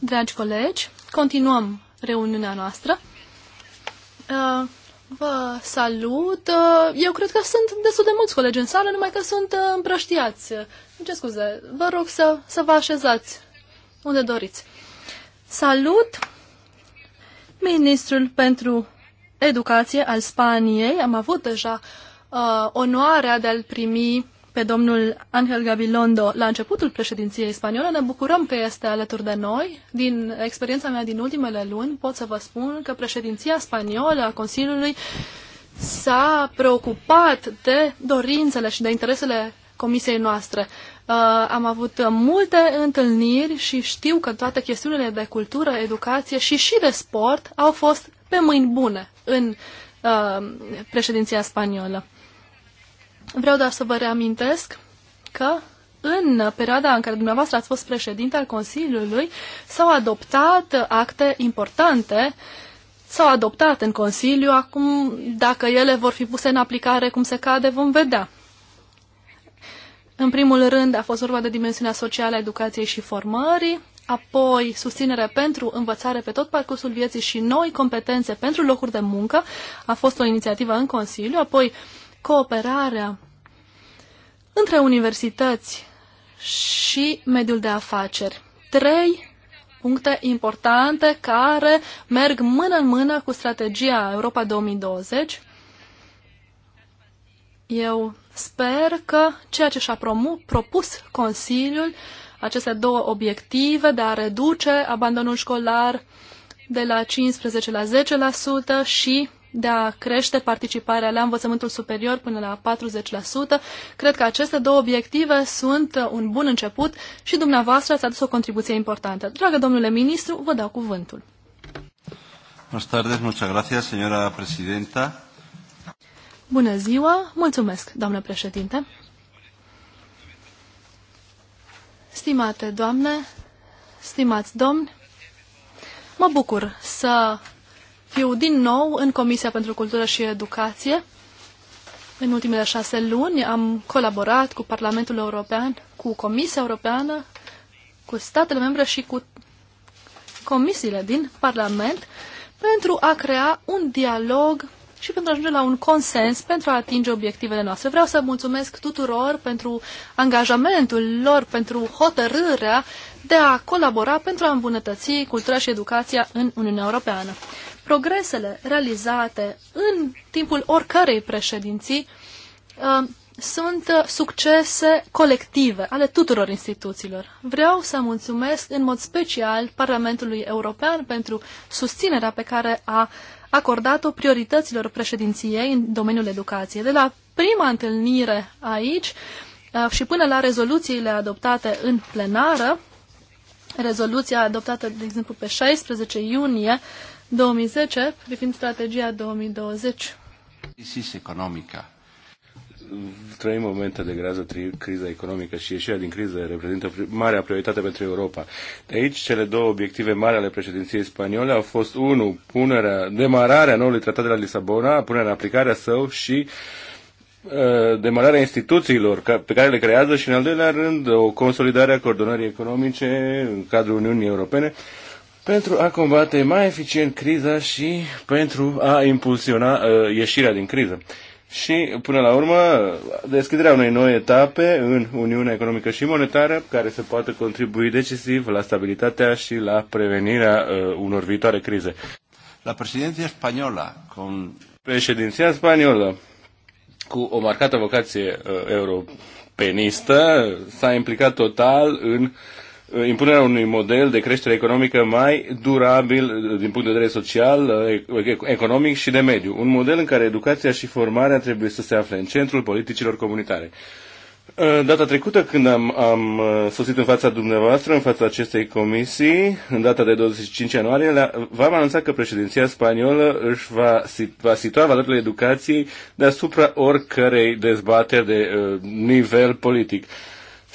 Dragi colegi, continuăm reuniunea noastră. Uh, vă salut. Uh, eu cred că sunt destul de mulți colegi în sală, numai că sunt uh, împrăștiați. ce scuze. Vă rog să, să vă așezați unde doriți. Salut ministrul pentru educație al Spaniei. Am avut deja uh, onoarea de a-l primi pe domnul Angel Gabilondo la începutul președinției spaniole. Ne bucurăm că este alături de noi. Din experiența mea din ultimele luni pot să vă spun că președinția spaniolă a Consiliului s-a preocupat de dorințele și de interesele comisiei noastre. Uh, am avut multe întâlniri și știu că toate chestiunile de cultură, educație și și de sport au fost pe mâini bune în uh, președinția spaniolă. Vreau doar să vă reamintesc că în perioada în care dumneavoastră ați fost președinte al Consiliului, s-au adoptat acte importante, s-au adoptat în Consiliu, acum dacă ele vor fi puse în aplicare cum se cade, vom vedea. În primul rând a fost vorba de dimensiunea socială a educației și formării, apoi susținere pentru învățare pe tot parcursul vieții și noi competențe pentru locuri de muncă, a fost o inițiativă în Consiliu, apoi uh, cooperarea între universități și mediul de afaceri. Trei puncte importante care merg mână în mână cu strategia Europa 2020. Eu sper că ceea ce și-a propus Consiliul, aceste două obiective de a reduce abandonul școlar de la 15 la 10% și de a crește participarea la învățământul superior până la 40%. Cred că aceste două obiective sunt un bun început și dumneavoastră ați adus o contribuție importantă. Dragă domnule ministru, vă dau cuvântul. Buenas tardes, muchas gracias, señora presidenta. Bună ziua, mulțumesc, doamnă președinte. Stimate doamne, stimați domni, mă bucur să fiu din nou în Comisia pentru Cultură și Educație. În ultimele șase luni am colaborat cu Parlamentul European, cu Comisia Europeană, cu statele membre și cu comisiile din Parlament pentru a crea un dialog și pentru a ajunge la un consens pentru a atinge obiectivele noastre. Vreau să mulțumesc tuturor pentru angajamentul lor, pentru hotărârea de a colabora pentru a îmbunătăți cultura și educația în Uniunea Europeană progresele realizate în timpul oricărei președinții uh, sunt uh, succese colective ale tuturor instituțiilor. Vreau să mulțumesc în mod special Parlamentului European pentru susținerea pe care a acordat-o priorităților președinției în domeniul educației. De la prima întâlnire aici uh, și până la rezoluțiile adoptate în plenară, rezoluția adoptată, de exemplu, pe 16 iunie 2010 privind strategia 2020. Crisis economică. Trăim momente de grază, criza economică și ieșirea din criză reprezintă marea prioritate pentru Europa. De aici, cele două obiective mari ale președinției spaniole au fost, unu, punerea, demararea noului tratat de la Lisabona, punerea în aplicarea său și uh, demararea instituțiilor pe care le creează și, în al doilea rând, o consolidare a coordonării economice în cadrul Uniunii Europene pentru a combate mai eficient criza și pentru a impulsiona uh, ieșirea din criză. Și, până la urmă, deschiderea unei noi etape în Uniunea Economică și Monetară, care se poate contribui decisiv la stabilitatea și la prevenirea uh, unor viitoare crize. La președinția spaniolă, con... președinția spaniolă, cu o marcată vocație uh, europenistă, s-a implicat total în uh, Uh, impunerea unui model de creștere economică mai durabil uh, din punct de vedere social, uh, economic și de mediu. Un model în care educația și formarea trebuie să se afle în centrul politicilor comunitare. Data trecută, când am, am sosit în fața dumneavoastră, în fața acestei comisii, în data de 25 ianuarie, v-am anunțat că președinția spaniolă își va, va situa valorile educației deasupra oricărei dezbateri de uh, nivel politic. Uh,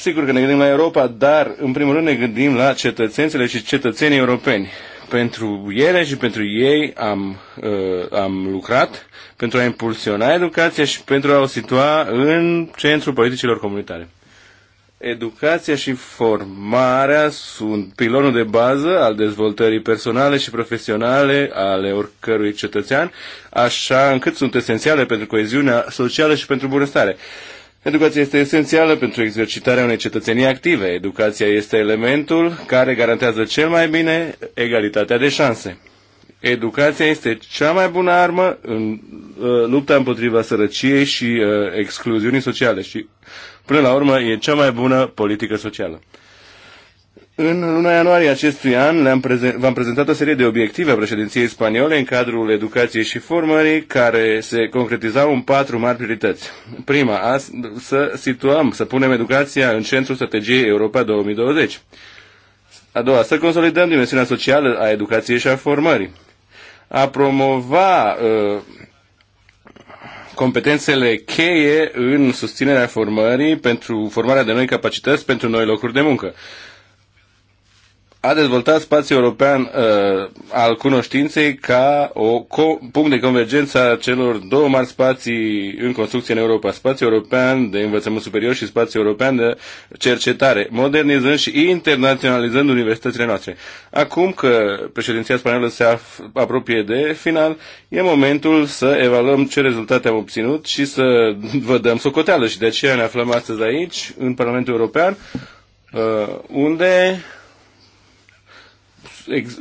Sigur că ne gândim la Europa, dar în primul rând ne gândim la cetățențele și cetățenii europeni. Pentru ele și pentru ei am, uh, am lucrat pentru a impulsiona educația și pentru a o situa în centrul politicilor comunitare. Educația și formarea sunt pilonul de bază al dezvoltării personale și profesionale ale oricărui cetățean, așa încât sunt esențiale pentru coeziunea socială și pentru bunăstare. Uh, Educația este esențială pentru exercitarea unei cetățenii active. Educația este elementul care garantează cel mai bine egalitatea de șanse. Educația este cea mai bună armă în uh, lupta împotriva sărăciei și uh, excluziunii sociale și, până la urmă, e cea mai bună politică socială. În luna ianuarie acestui an v-am prezent, prezentat o serie de obiective a președinției spaniole în cadrul educației și formării care se concretizau în patru mari priorități. Prima, a, să situăm, să punem educația în centrul strategiei Europa 2020. A doua, să consolidăm dimensiunea socială a educației și a formării. A promova uh, competențele cheie în susținerea formării pentru formarea de noi capacități pentru noi locuri de muncă a dezvoltat spațiul european uh, al cunoștinței ca o punct de convergență a celor două mari spații în construcție în Europa, spațiul european de învățământ superior și spațiul european de cercetare, modernizând și internaționalizând universitățile noastre. Acum că președinția spaniolă se apropie de final, e momentul să evaluăm ce rezultate am obținut și să vă dăm socoteală și de aceea ne aflăm astăzi aici, în Parlamentul European, uh, unde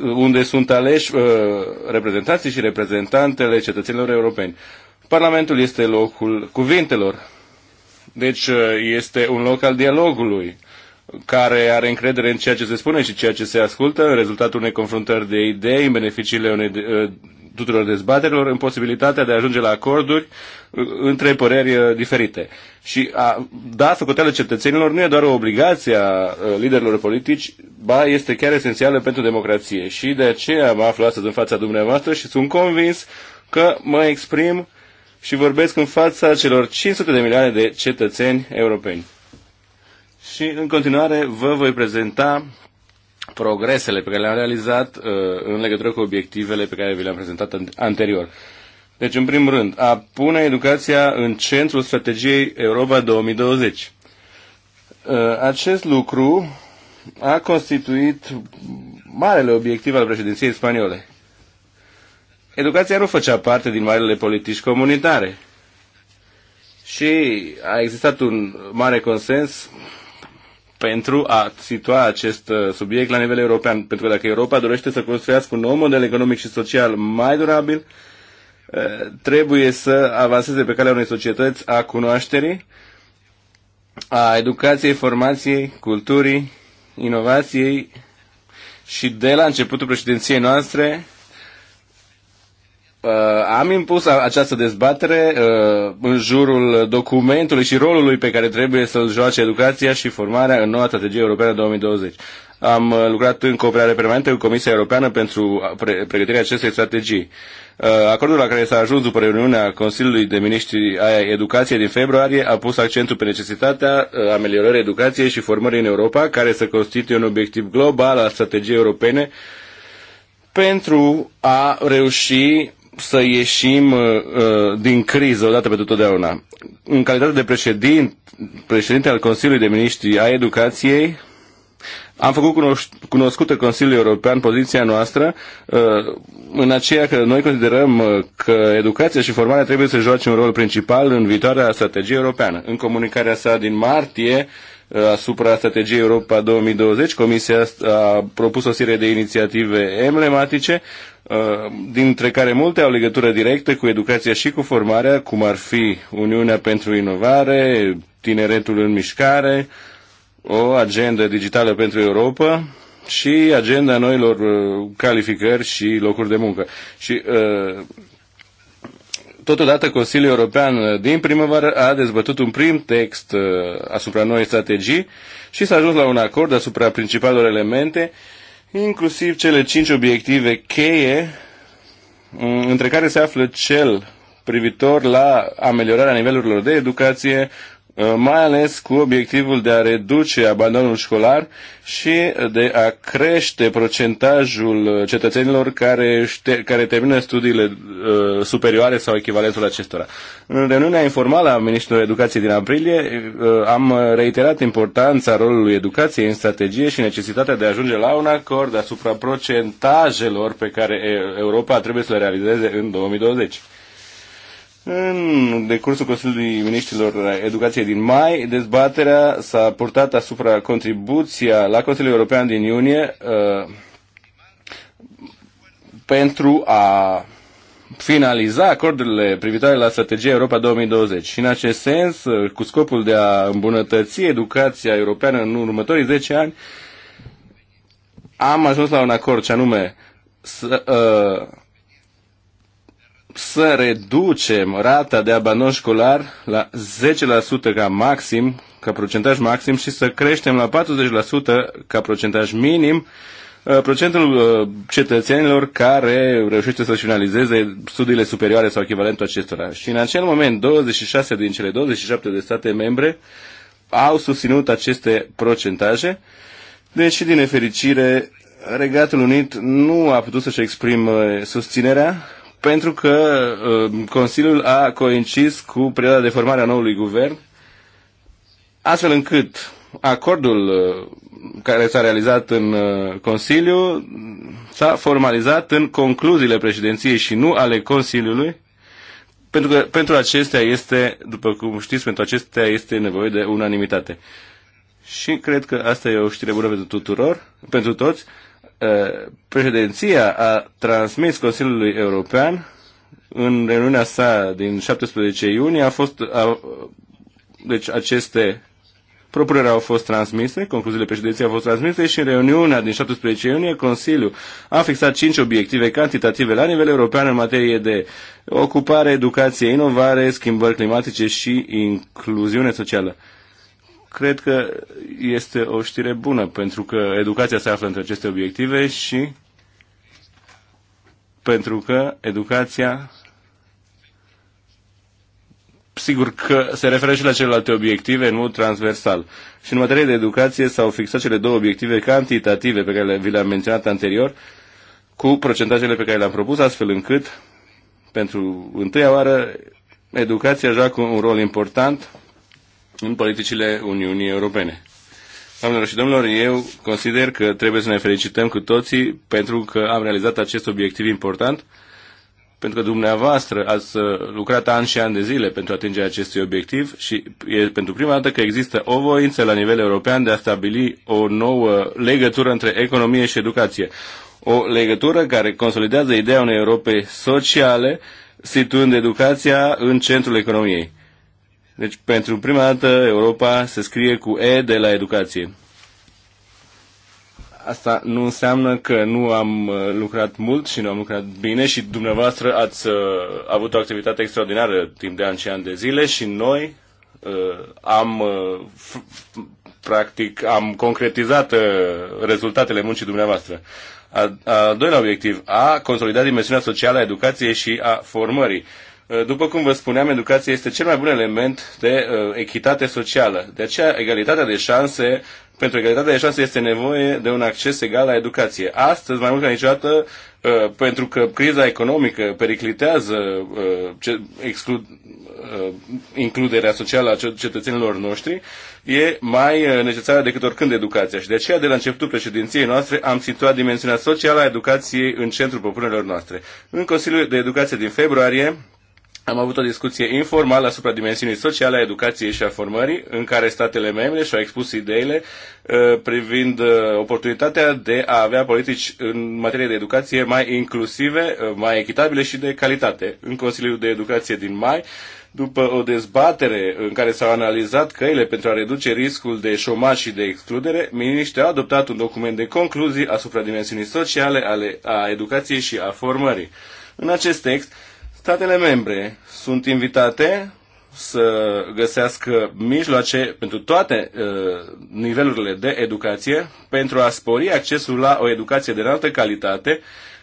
unde sunt aleși uh, reprezentanții și reprezentantele cetățenilor europeni. Parlamentul este locul cuvintelor. Deci uh, este un loc al dialogului care are încredere în ceea ce se spune și ceea ce se ascultă, în rezultatul unei confruntări de idei, în beneficiile unei uh, tuturor dezbaterilor în posibilitatea de a ajunge la acorduri uh, între păreri uh, diferite. Și a da făcutele cetățenilor nu e doar o obligație a uh, liderilor politici, ba este chiar esențială pentru democrație. Și de aceea mă aflu astăzi în fața dumneavoastră și sunt convins că mă exprim și vorbesc în fața celor 500 de milioane de cetățeni europeni. Și în continuare vă voi prezenta progresele pe care le-am realizat uh, în legătură cu obiectivele pe care vi le-am prezentat anterior. Deci, în primul rând, a pune educația în centrul strategiei Europa 2020. Uh, acest lucru a constituit marele obiectiv al președinției spaniole. Educația nu făcea parte din marele politici comunitare. Și a existat un mare consens pentru a situa acest uh, subiect la nivel european. Pentru că dacă Europa dorește să construiască un nou model economic și social mai durabil, uh, trebuie să avanseze pe calea unei societăți a cunoașterii, a educației, formației, culturii, inovației și de la începutul președinției noastre Uh, am impus această dezbatere uh, în jurul documentului și rolului pe care trebuie să-l joace educația și formarea în noua strategie europeană 2020. Am uh, lucrat în cooperare permanentă cu Comisia Europeană pentru pregătirea acestei strategii. Acordul la care s-a ajuns după reuniunea Consiliului de Miniștri a Educației din februarie a pus accentul pe necesitatea ameliorării educației și formării în Europa, care să constituie un obiectiv global al strategiei europene pentru a reuși să ieșim uh, uh, din criză odată pentru totdeauna. În calitate de președinte, președinte al Consiliului de Ministri a Educației, am făcut cunoscută Consiliul European poziția noastră uh, în aceea că noi considerăm că educația și formarea trebuie să joace un rol principal în viitoarea strategie europeană. În comunicarea sa din martie asupra strategiei Europa 2020, Comisia a propus o serie de inițiative emblematice Uh, dintre care multe au legătură directă cu educația și cu formarea, cum ar fi Uniunea pentru Inovare, Tineretul în Mișcare, o agendă digitală pentru Europa și agenda noilor uh, calificări și locuri de muncă. Și uh, Totodată, Consiliul European din primăvară a dezbătut un prim text asupra noii strategii și s-a ajuns la un acord asupra principalelor elemente uh, inclusiv cele cinci obiective cheie, mm, între care se află cel privitor la ameliorarea nivelurilor de educație, Uh, mai ales cu obiectivul de a reduce abandonul școlar și de a crește procentajul cetățenilor care, care termină studiile uh, superioare sau echivalentul acestora. În reuniunea informală a Ministrului Educației din aprilie uh, am reiterat importanța rolului educației în strategie și necesitatea de a ajunge la un acord asupra procentajelor pe care Europa trebuie să le realizeze în 2020. În decursul Consiliului Ministrilor Educației din mai, dezbaterea s-a purtat asupra contribuția la Consiliul European din iunie uh, pentru a finaliza acordurile privitoare la strategia Europa 2020 și în acest sens, uh, cu scopul de a îmbunătăți educația europeană în următorii 10 ani, am ajuns la un acord, ce anume să, uh, să reducem rata de abandon școlar la 10% ca maxim, ca procentaj maxim și să creștem la 40% ca procentaj minim uh, procentul uh, cetățenilor care reușește să-și finalizeze studiile superioare sau echivalentul acestora. Și în acel moment, 26 din cele 27 de state membre au susținut aceste procentaje, deși, deci, din nefericire, Regatul Unit nu a putut să-și exprimă susținerea pentru că uh, Consiliul a coincis cu perioada de formare a noului guvern, astfel încât acordul uh, care s-a realizat în uh, Consiliu s-a formalizat în concluziile președinției și nu ale Consiliului, pentru că pentru acestea este, după cum știți, pentru acestea este nevoie de unanimitate. Și cred că asta e o știre bună pentru tuturor, pentru toți. Uh, președinția a transmis Consiliului European în reuniunea sa din 17 iunie a fost a, deci aceste propuneri au fost transmise, concluziile președinției au fost transmise și în reuniunea din 17 iunie Consiliul a fixat 5 obiective cantitative la nivel european în materie de ocupare, educație, inovare, schimbări climatice și incluziune socială cred că este o știre bună, pentru că educația se află între aceste obiective și pentru că educația sigur că se referă și la celelalte obiective în mod transversal. Și în materie de educație s-au fixat cele două obiective cantitative pe care vi le-am menționat anterior cu procentajele pe care le-am propus, astfel încât pentru întâia oară educația joacă un rol important în politicile Uniunii Europene. Doamnelor și domnilor, eu consider că trebuie să ne felicităm cu toții pentru că am realizat acest obiectiv important, pentru că dumneavoastră ați uh, lucrat ani și ani de zile pentru atingerea acestui obiectiv și e pentru prima dată că există o voință la nivel european de a stabili o nouă legătură între economie și educație. O legătură care consolidează ideea unei Europe sociale, situând educația în centrul economiei. Deci, pentru prima dată, Europa se scrie cu E de la educație. Asta nu înseamnă că nu am uh, lucrat mult și nu am lucrat bine și dumneavoastră ați uh, avut o activitate extraordinară timp de ani și ani de zile și noi uh, am uh, practic am concretizat uh, rezultatele muncii dumneavoastră. A, a doilea obiectiv, a consolidat dimensiunea socială a educației și a formării. Uh, Uh, după cum vă spuneam, educația este cel mai bun element de uh, echitate socială. De aceea, egalitatea de șanse, pentru egalitatea de șanse este nevoie de un acces egal la educație. Astăzi, mai mult ca niciodată, uh, pentru că criza economică periclitează includerea socială a cetățenilor noștri, e mai necesară decât oricând educația. Și de aceea, de la începutul președinției noastre, am situat dimensiunea socială a educației în centrul propunerilor noastre. În Consiliul de Educație din februarie, am avut o discuție informală asupra dimensiunii sociale a educației și a formării, în care statele membre și-au expus ideile uh, privind uh, oportunitatea de a avea politici în materie de educație mai inclusive, uh, mai echitabile și de calitate. În Consiliul de Educație din mai, după o dezbatere în care s-au analizat căile pentru a reduce riscul de șomaj și de excludere, miniștrii au adoptat un document de concluzii asupra dimensiunii sociale ale, a educației și a formării. În acest text, Statele membre sunt invitate să găsească mijloace pentru toate uh, nivelurile de educație pentru a spori accesul la o educație de înaltă calitate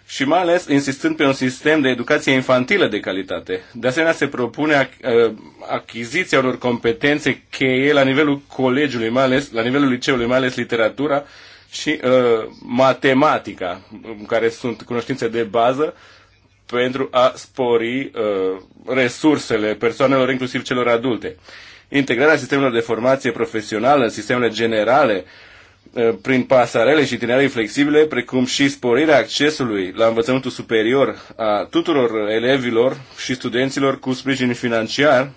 și mai ales insistând pe un sistem de educație infantilă de calitate. De asemenea, se propune uh, achiziția unor competențe cheie la nivelul colegiului, mai ales la nivelul liceului, mai ales literatura și uh, matematica, care sunt cunoștințe de bază pentru a spori uh, resursele persoanelor, inclusiv celor adulte. Integrarea sistemelor de formație profesională în sistemele generale uh, prin pasarele și tinerii flexibile, precum și sporirea accesului la învățământul superior a tuturor elevilor și studenților cu sprijin financiar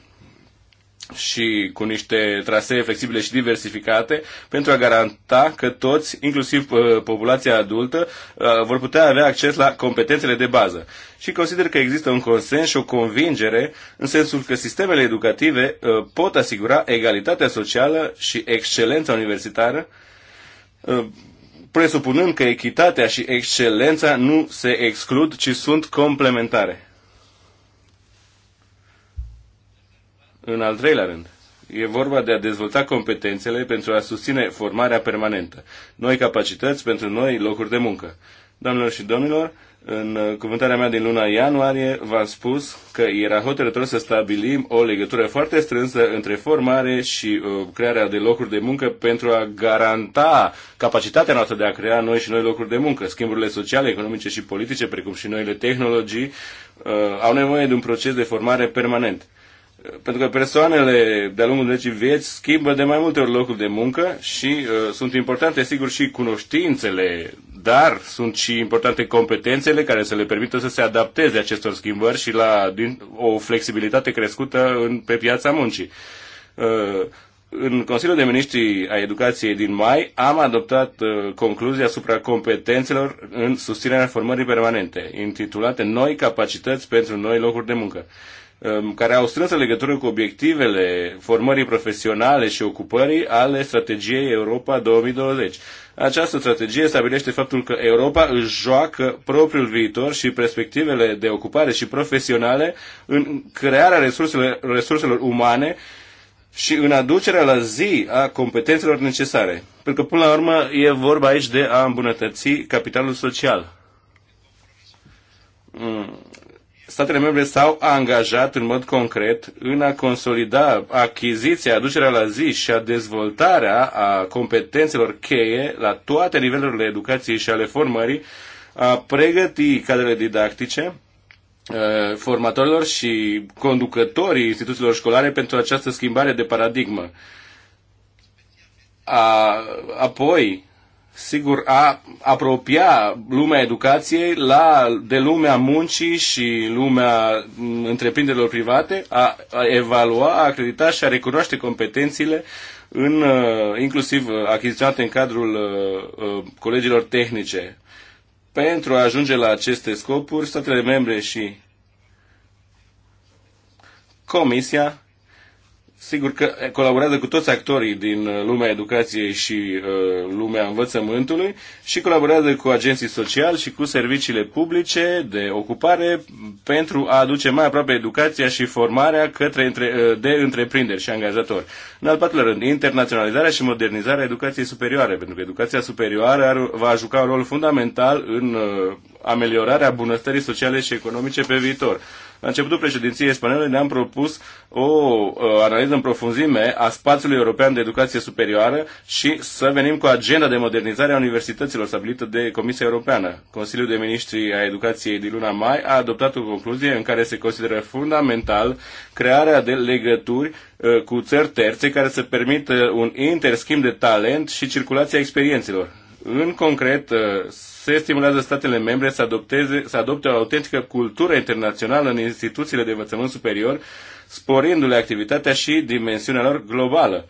și cu niște trasee flexibile și diversificate pentru a garanta că toți, inclusiv uh, populația adultă, uh, vor putea avea acces la competențele de bază. Și consider că există un consens și o convingere în sensul că sistemele educative uh, pot asigura egalitatea socială și excelența universitară presupunând că echitatea și excelența nu se exclud, ci sunt complementare. În al treilea rând, e vorba de a dezvolta competențele pentru a susține formarea permanentă, noi capacități pentru noi locuri de muncă. Doamnelor și domnilor, în cuvântarea mea din luna ianuarie v-am spus că era hotărător să stabilim o legătură foarte strânsă între formare și uh, crearea de locuri de muncă pentru a garanta capacitatea noastră de a crea noi și noi locuri de muncă. Schimburile sociale, economice și politice, precum și noile tehnologii, uh, au nevoie de un proces de formare permanent. Uh, pentru că persoanele de-a lungul de vieți schimbă de mai multe ori locul de muncă și uh, sunt importante, sigur, și cunoștințele, dar sunt și importante competențele care să le permită să se adapteze acestor schimbări și la din, o flexibilitate crescută în, pe piața muncii. Uh, în Consiliul de Ministri a Educației din mai am adoptat uh, concluzia asupra competențelor în susținerea formării permanente, intitulate Noi capacități pentru noi locuri de muncă. Uh, Um, care au strânsă legătură cu obiectivele formării profesionale și ocupării ale strategiei Europa 2020. Această strategie stabilește faptul că Europa își joacă propriul viitor și perspectivele de ocupare și profesionale în crearea resurselor, resurselor umane și în aducerea la zi a competențelor necesare. Pentru că, până la urmă, e vorba aici de a îmbunătăți capitalul social mm statele membre s-au angajat în mod concret în a consolida achiziția, aducerea la zi și a dezvoltarea a competențelor cheie la toate nivelurile educației și ale formării, a pregăti cadrele didactice, uh, formatorilor și conducătorii instituțiilor școlare pentru această schimbare de paradigmă. A, apoi, sigur, a apropia lumea educației la, de lumea muncii și lumea mm, întreprinderilor private, a, a evalua, a acredita și a recunoaște competențele în, uh, inclusiv uh, achiziționate în cadrul uh, uh, colegilor tehnice. Pentru a ajunge la aceste scopuri, statele membre și Comisia Sigur că colaborează cu toți actorii din uh, lumea educației și uh, lumea învățământului și colaborează cu agenții sociali și cu serviciile publice de ocupare pentru a aduce mai aproape educația și formarea către între, uh, de întreprinderi și angajatori. În al patrulea rând, internaționalizarea și modernizarea educației superioare, pentru că educația superioară ar, va juca un rol fundamental în uh, ameliorarea bunăstării sociale și economice pe viitor. La începutul președinției spaniole ne-am propus o uh, analiză în profunzime a spațiului european de educație superioară și să venim cu agenda de modernizare a universităților stabilită de Comisia Europeană. Consiliul de Ministri a Educației din luna mai a adoptat o concluzie în care se consideră fundamental crearea de legături uh, cu țări terțe care să permită un interschimb de talent și circulația experiențelor în concret, uh, se stimulează statele membre să, adopteze, să adopte o autentică cultură internațională în instituțiile de învățământ superior, sporindu-le activitatea și dimensiunea lor globală.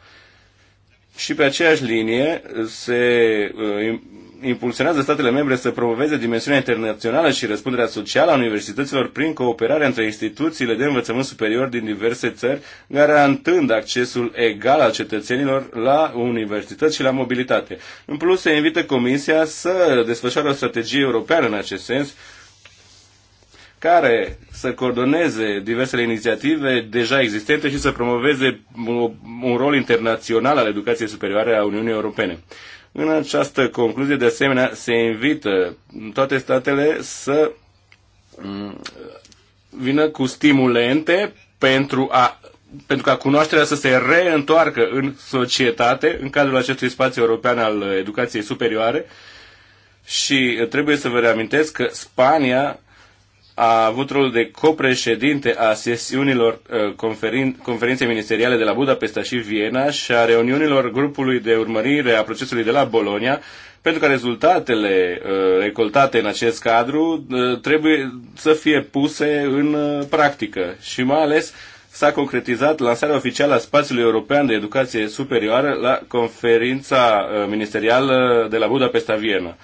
Și pe aceeași linie se uh, impulsionează statele membre să promoveze dimensiunea internațională și răspunderea socială a universităților prin cooperare între instituțiile de învățământ superior din diverse țări, garantând accesul egal al cetățenilor la universități și la mobilitate. În plus, se invită Comisia să desfășoare o strategie europeană în acest sens, care să coordoneze diversele inițiative deja existente și să promoveze un rol internațional al educației superioare a Uniunii Europene. În această concluzie, de asemenea, se invită toate statele să mm, vină cu stimulente pentru a pentru ca cunoașterea să se reîntoarcă în societate, în cadrul acestui spațiu european al educației superioare. Și trebuie să vă reamintesc că Spania a avut rolul de copreședinte a sesiunilor uh, conferin, conferinței ministeriale de la Budapesta și Viena și a reuniunilor grupului de urmărire a procesului de la Bologna, pentru că rezultatele uh, recoltate în acest cadru uh, trebuie să fie puse în practică și mai ales s-a concretizat lansarea oficială a spațiului european de educație superioară la conferința ministerială de la Budapesta Viena.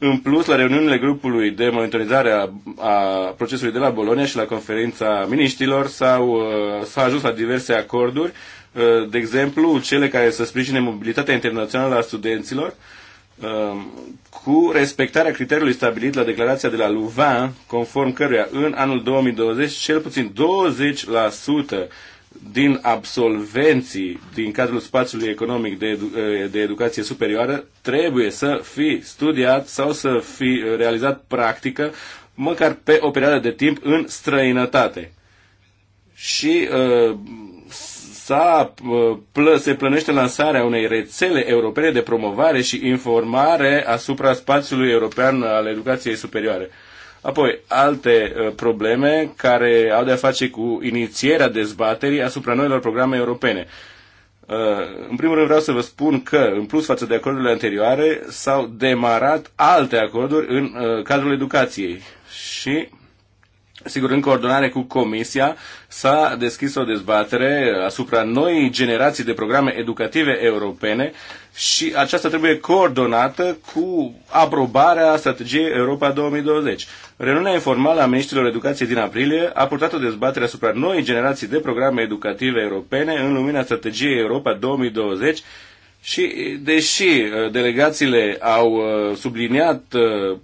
În plus, la reuniunile grupului de monitorizare a, a procesului de la Bolonia și la conferința miniștilor s-au, uh, s-a ajuns la diverse acorduri, uh, de exemplu, cele care să sprijine mobilitatea internațională a studenților, um, cu respectarea criteriului stabilit la declarația de la Louvain, conform căruia în anul 2020 cel puțin 20% din absolvenții din cadrul spațiului economic de, edu- eh, de educație superioară trebuie să fi studiat sau să fi eh, realizat practică măcar pe o perioadă de timp în străinătate. Și uh, s-a, se plănește lansarea unei rețele europene de promovare și informare asupra spațiului european al educației superioare. Uh, Apoi, alte uh, probleme care au de-a face cu inițierea dezbaterii asupra noilor programe europene. Uh, în primul rând vreau să vă spun că, în plus față de acordurile anterioare, s-au demarat alte acorduri în uh, cadrul educației. Și Sigur, în coordonare cu Comisia s-a deschis o dezbatere asupra noii generații de programe educative europene și aceasta trebuie coordonată cu aprobarea strategiei Europa 2020. Reuniunea informală a ministrilor educației din aprilie a purtat o dezbatere asupra noii generații de programe educative europene în lumina strategiei Europa 2020 și deși uh, delegațiile au uh, subliniat uh,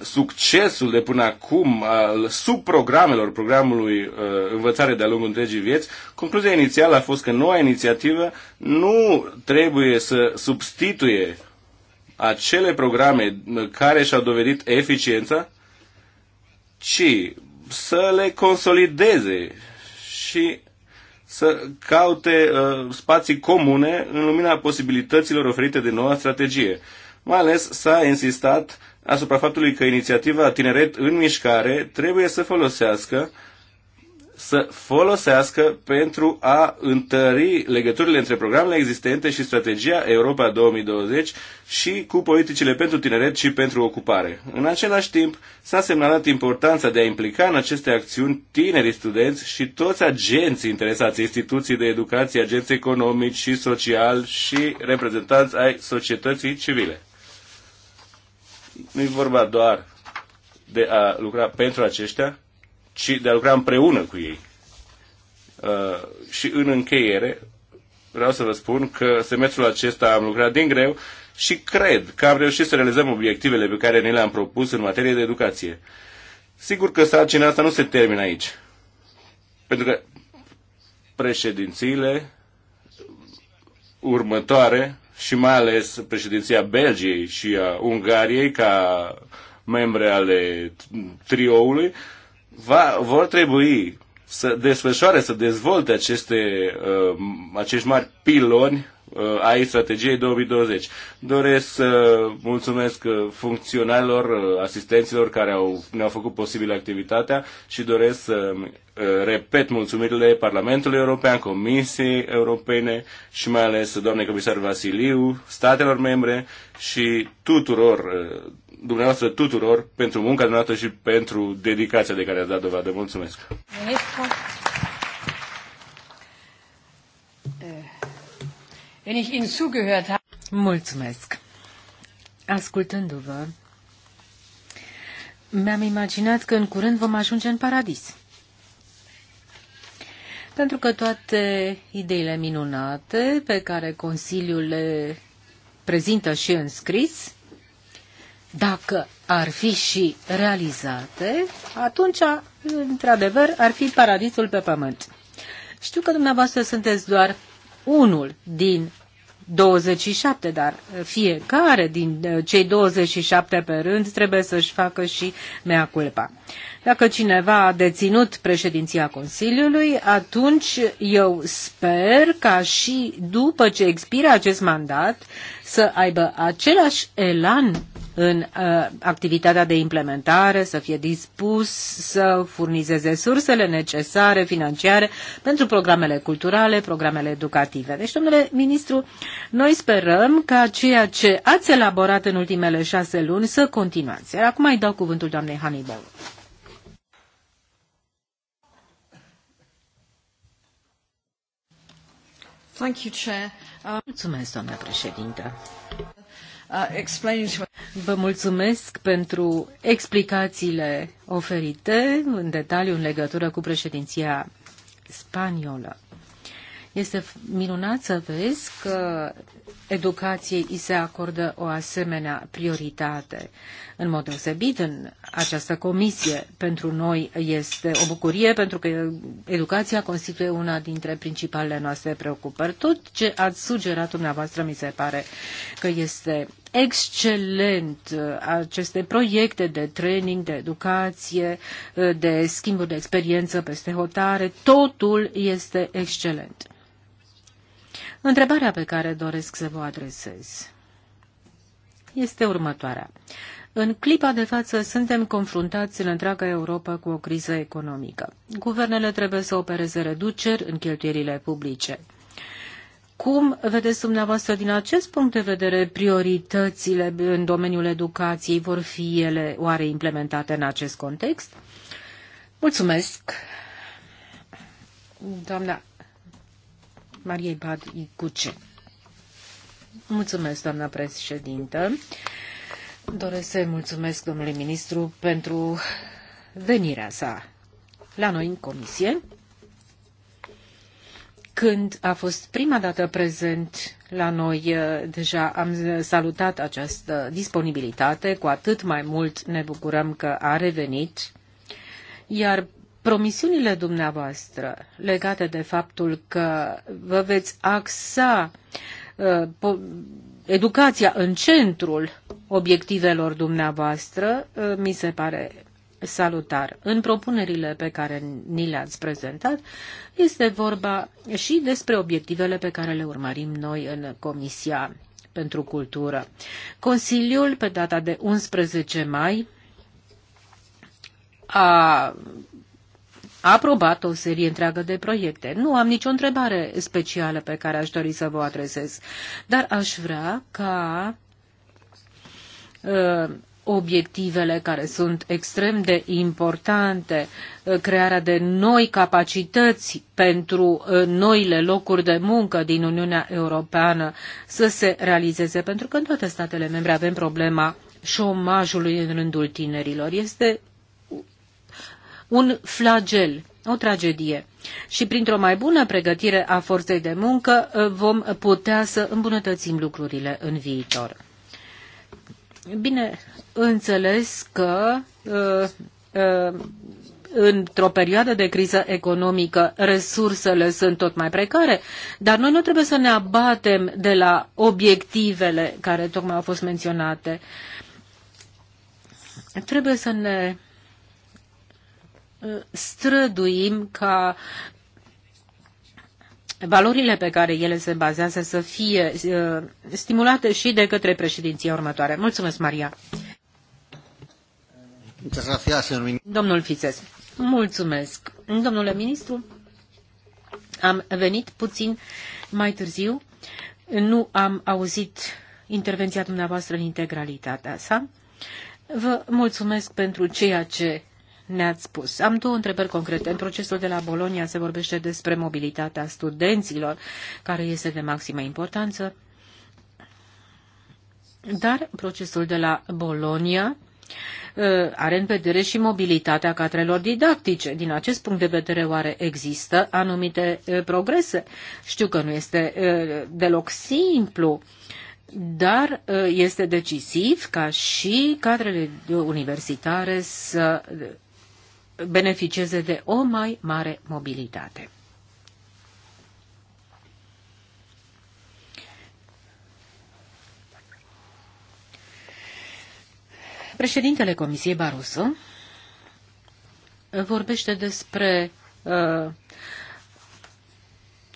succesul de până acum al subprogramelor programului învățare de-a lungul întregii vieți, concluzia inițială a fost că noua inițiativă nu trebuie să substituie acele programe care și-au dovedit eficiența, ci să le consolideze și să caute uh, spații comune în lumina posibilităților oferite de noua strategie. Uh, mai ales s-a insistat asupra faptului că inițiativa Tineret în Mișcare trebuie să folosească să folosească pentru a întări legăturile între programele existente și strategia Europa 2020 și cu politicile pentru tineret și pentru ocupare. În același timp, s-a semnalat importanța de a implica în aceste acțiuni tinerii studenți și toți agenții interesați, instituții de educație, agenți economici și social și reprezentanți ai societății civile nu e vorba doar de a lucra pentru aceștia, ci de a lucra împreună cu ei. Uh, și în încheiere, vreau să vă spun că semestrul acesta am lucrat din greu și cred că am reușit să realizăm obiectivele pe care ne le-am propus în materie de educație. Sigur că sarcina asta nu se termină aici. Pentru că președințiile următoare și mai ales președinția Belgiei și a Ungariei ca membre ale trioului va, vor trebui să desfășoare, să dezvolte aceste, uh, acești mari piloni Uh, ai strategiei 2020. Doresc să mulțumesc uh, funcționarilor, uh, asistenților care au, ne-au făcut posibil activitatea și doresc să repet mulțumirile Parlamentului European, Comisiei Europene și mai ales doamnei comisar Vasiliu, statelor membre și tuturor dumneavoastră tuturor pentru munca dumneavoastră și pentru dedicația de care ați dat dovadă. Mulțumesc! Mulțumesc. Mulțumesc. Ascultându-vă, mi-am imaginat că în curând vom ajunge în paradis. Pentru că toate ideile minunate pe care Consiliul le prezintă și în scris, dacă ar fi și realizate, atunci, într-adevăr, ar fi paradisul pe pământ. Știu că dumneavoastră sunteți doar unul din 27, dar fiecare din uh, cei 27 pe rând trebuie să-și facă și mea culpa. Dacă cineva a deținut președinția Consiliului, atunci eu sper ca și după ce expiră acest mandat să aibă același elan în uh, activitatea de implementare, să fie dispus să furnizeze sursele necesare financiare pentru programele culturale, programele educative. Deci, domnule ministru, noi sperăm ca ceea ce ați elaborat în ultimele șase luni să continuați. Iar acum îi dau cuvântul doamnei Hannibal. Mulțumesc, doamnă președintă. Uh, Vă mulțumesc pentru explicațiile oferite în detaliu în legătură cu președinția spaniolă. Este minunat să vezi că educației îi se acordă o asemenea prioritate. În mod deosebit, în această comisie, pentru noi este o bucurie, pentru că educația constituie una dintre principalele noastre preocupări. Tot ce ați sugerat dumneavoastră mi se pare că este excelent uh, aceste proiecte de training, de educație, uh, de schimburi de experiență peste hotare. Totul este excelent. Întrebarea pe care doresc să vă adresez este următoarea. În clipa de față suntem confruntați în întreaga Europa cu o criză economică. Guvernele trebuie să opereze reduceri în cheltuielile publice. Cum vedeți dumneavoastră din acest punct de vedere prioritățile în domeniul educației? Vor fi ele oare implementate în acest context? Mulțumesc, doamna Mariei Bad Icuce. Mulțumesc, doamna președintă. Doresc să mulțumesc domnului ministru pentru venirea sa la noi în comisie când a fost prima dată prezent la noi, uh, deja am salutat această disponibilitate, cu atât mai mult ne bucurăm că a revenit, iar promisiunile dumneavoastră legate de faptul că vă veți axa uh, educația în centrul obiectivelor dumneavoastră, uh, mi se pare salutar. În propunerile pe care ni le-ați prezentat este vorba și despre obiectivele pe care le urmărim noi în Comisia pentru Cultură. Consiliul, pe data de 11 mai, a a aprobat o serie întreagă de proiecte. Nu am nicio întrebare specială pe care aș dori să vă adresez, dar aș vrea ca uh, obiectivele care sunt extrem de importante, uh, crearea de noi capacități pentru uh, noile locuri de muncă din Uniunea Europeană să se realizeze, pentru că în toate statele membre avem problema șomajului în rândul tinerilor. Este un flagel, o tragedie. Și printr-o mai bună pregătire a forței de muncă uh, vom putea să îmbunătățim lucrurile în viitor. Bine, înțeles că uh, uh, într-o perioadă de criză economică resursele sunt tot mai precare, dar noi nu trebuie să ne abatem de la obiectivele care tocmai au fost menționate. Trebuie să ne uh, străduim ca valorile pe care ele se bazează să fie stimulate și de către președinția următoare. Mulțumesc, Maria! Domnul Fițes, mulțumesc. Domnule ministru, am venit puțin mai târziu. Nu am auzit intervenția dumneavoastră în integralitatea sa. Vă mulțumesc pentru ceea ce ne-ați spus. Am două întrebări concrete. În procesul de la Bolonia se vorbește despre mobilitatea studenților, care este de maximă importanță. Dar procesul de la Bolonia Uh, are în vedere și mobilitatea cadrelor didactice. Din acest punct de vedere, oare există anumite uh, progrese? Știu că nu este uh, deloc simplu, dar este decisiv ca și cadrele universitare să beneficieze de o mai mare mobilitate. Președintele Comisiei Barroso vorbește despre uh,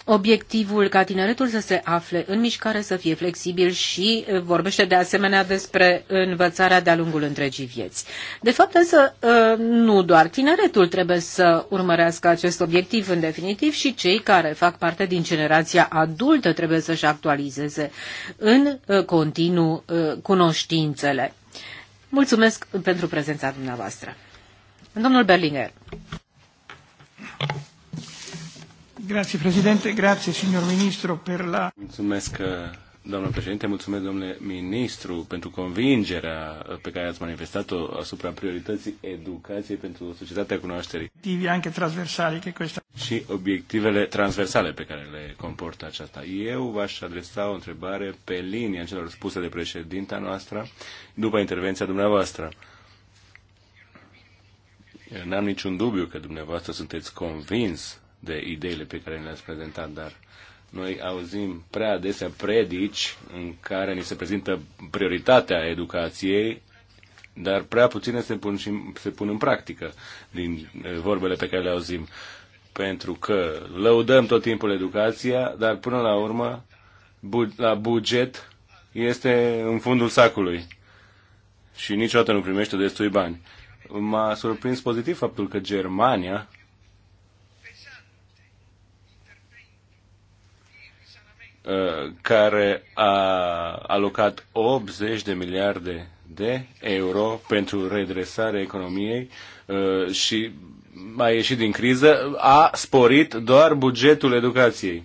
obiectivul ca tineretul să se afle în mișcare, să fie flexibil și uh, vorbește de asemenea despre învățarea de-a lungul întregii vieți. De fapt însă uh, nu doar tineretul trebuie să urmărească acest obiectiv în definitiv și cei care fac parte din generația adultă trebuie să-și actualizeze în uh, continuu cunoștințele. Mulțumesc pentru prezența dumneavoastră. Domnul Berlinger. Grazie Presidente, grazie signor Ministro per la... Mulțumesc doamnă președinte, mulțumesc, domnule ministru, pentru convingerea pe care ați manifestat-o asupra priorității educației pentru societatea cunoașterii. anche transversali, che questa... Și obiectivele transversale pe care le comportă aceasta. Eu v-aș adresa o întrebare pe linia celor spuse de președinta noastră după intervenția dumneavoastră. N-am niciun dubiu că dumneavoastră sunteți convins de ideile pe care le-ați prezentat, dar noi auzim prea adesea predici în care ni se prezintă prioritatea educației, dar prea puține se pun, și, se pun în practică din eh, vorbele pe care le auzim. Pentru că lăudăm tot timpul educația, dar până la urmă bu- la buget este în fundul sacului și niciodată nu primește destui bani. M-a surprins pozitiv faptul că Germania Uh, care a alocat 80 de miliarde de euro pentru redresarea economiei uh, și a ieșit din criză, a sporit doar bugetul educației.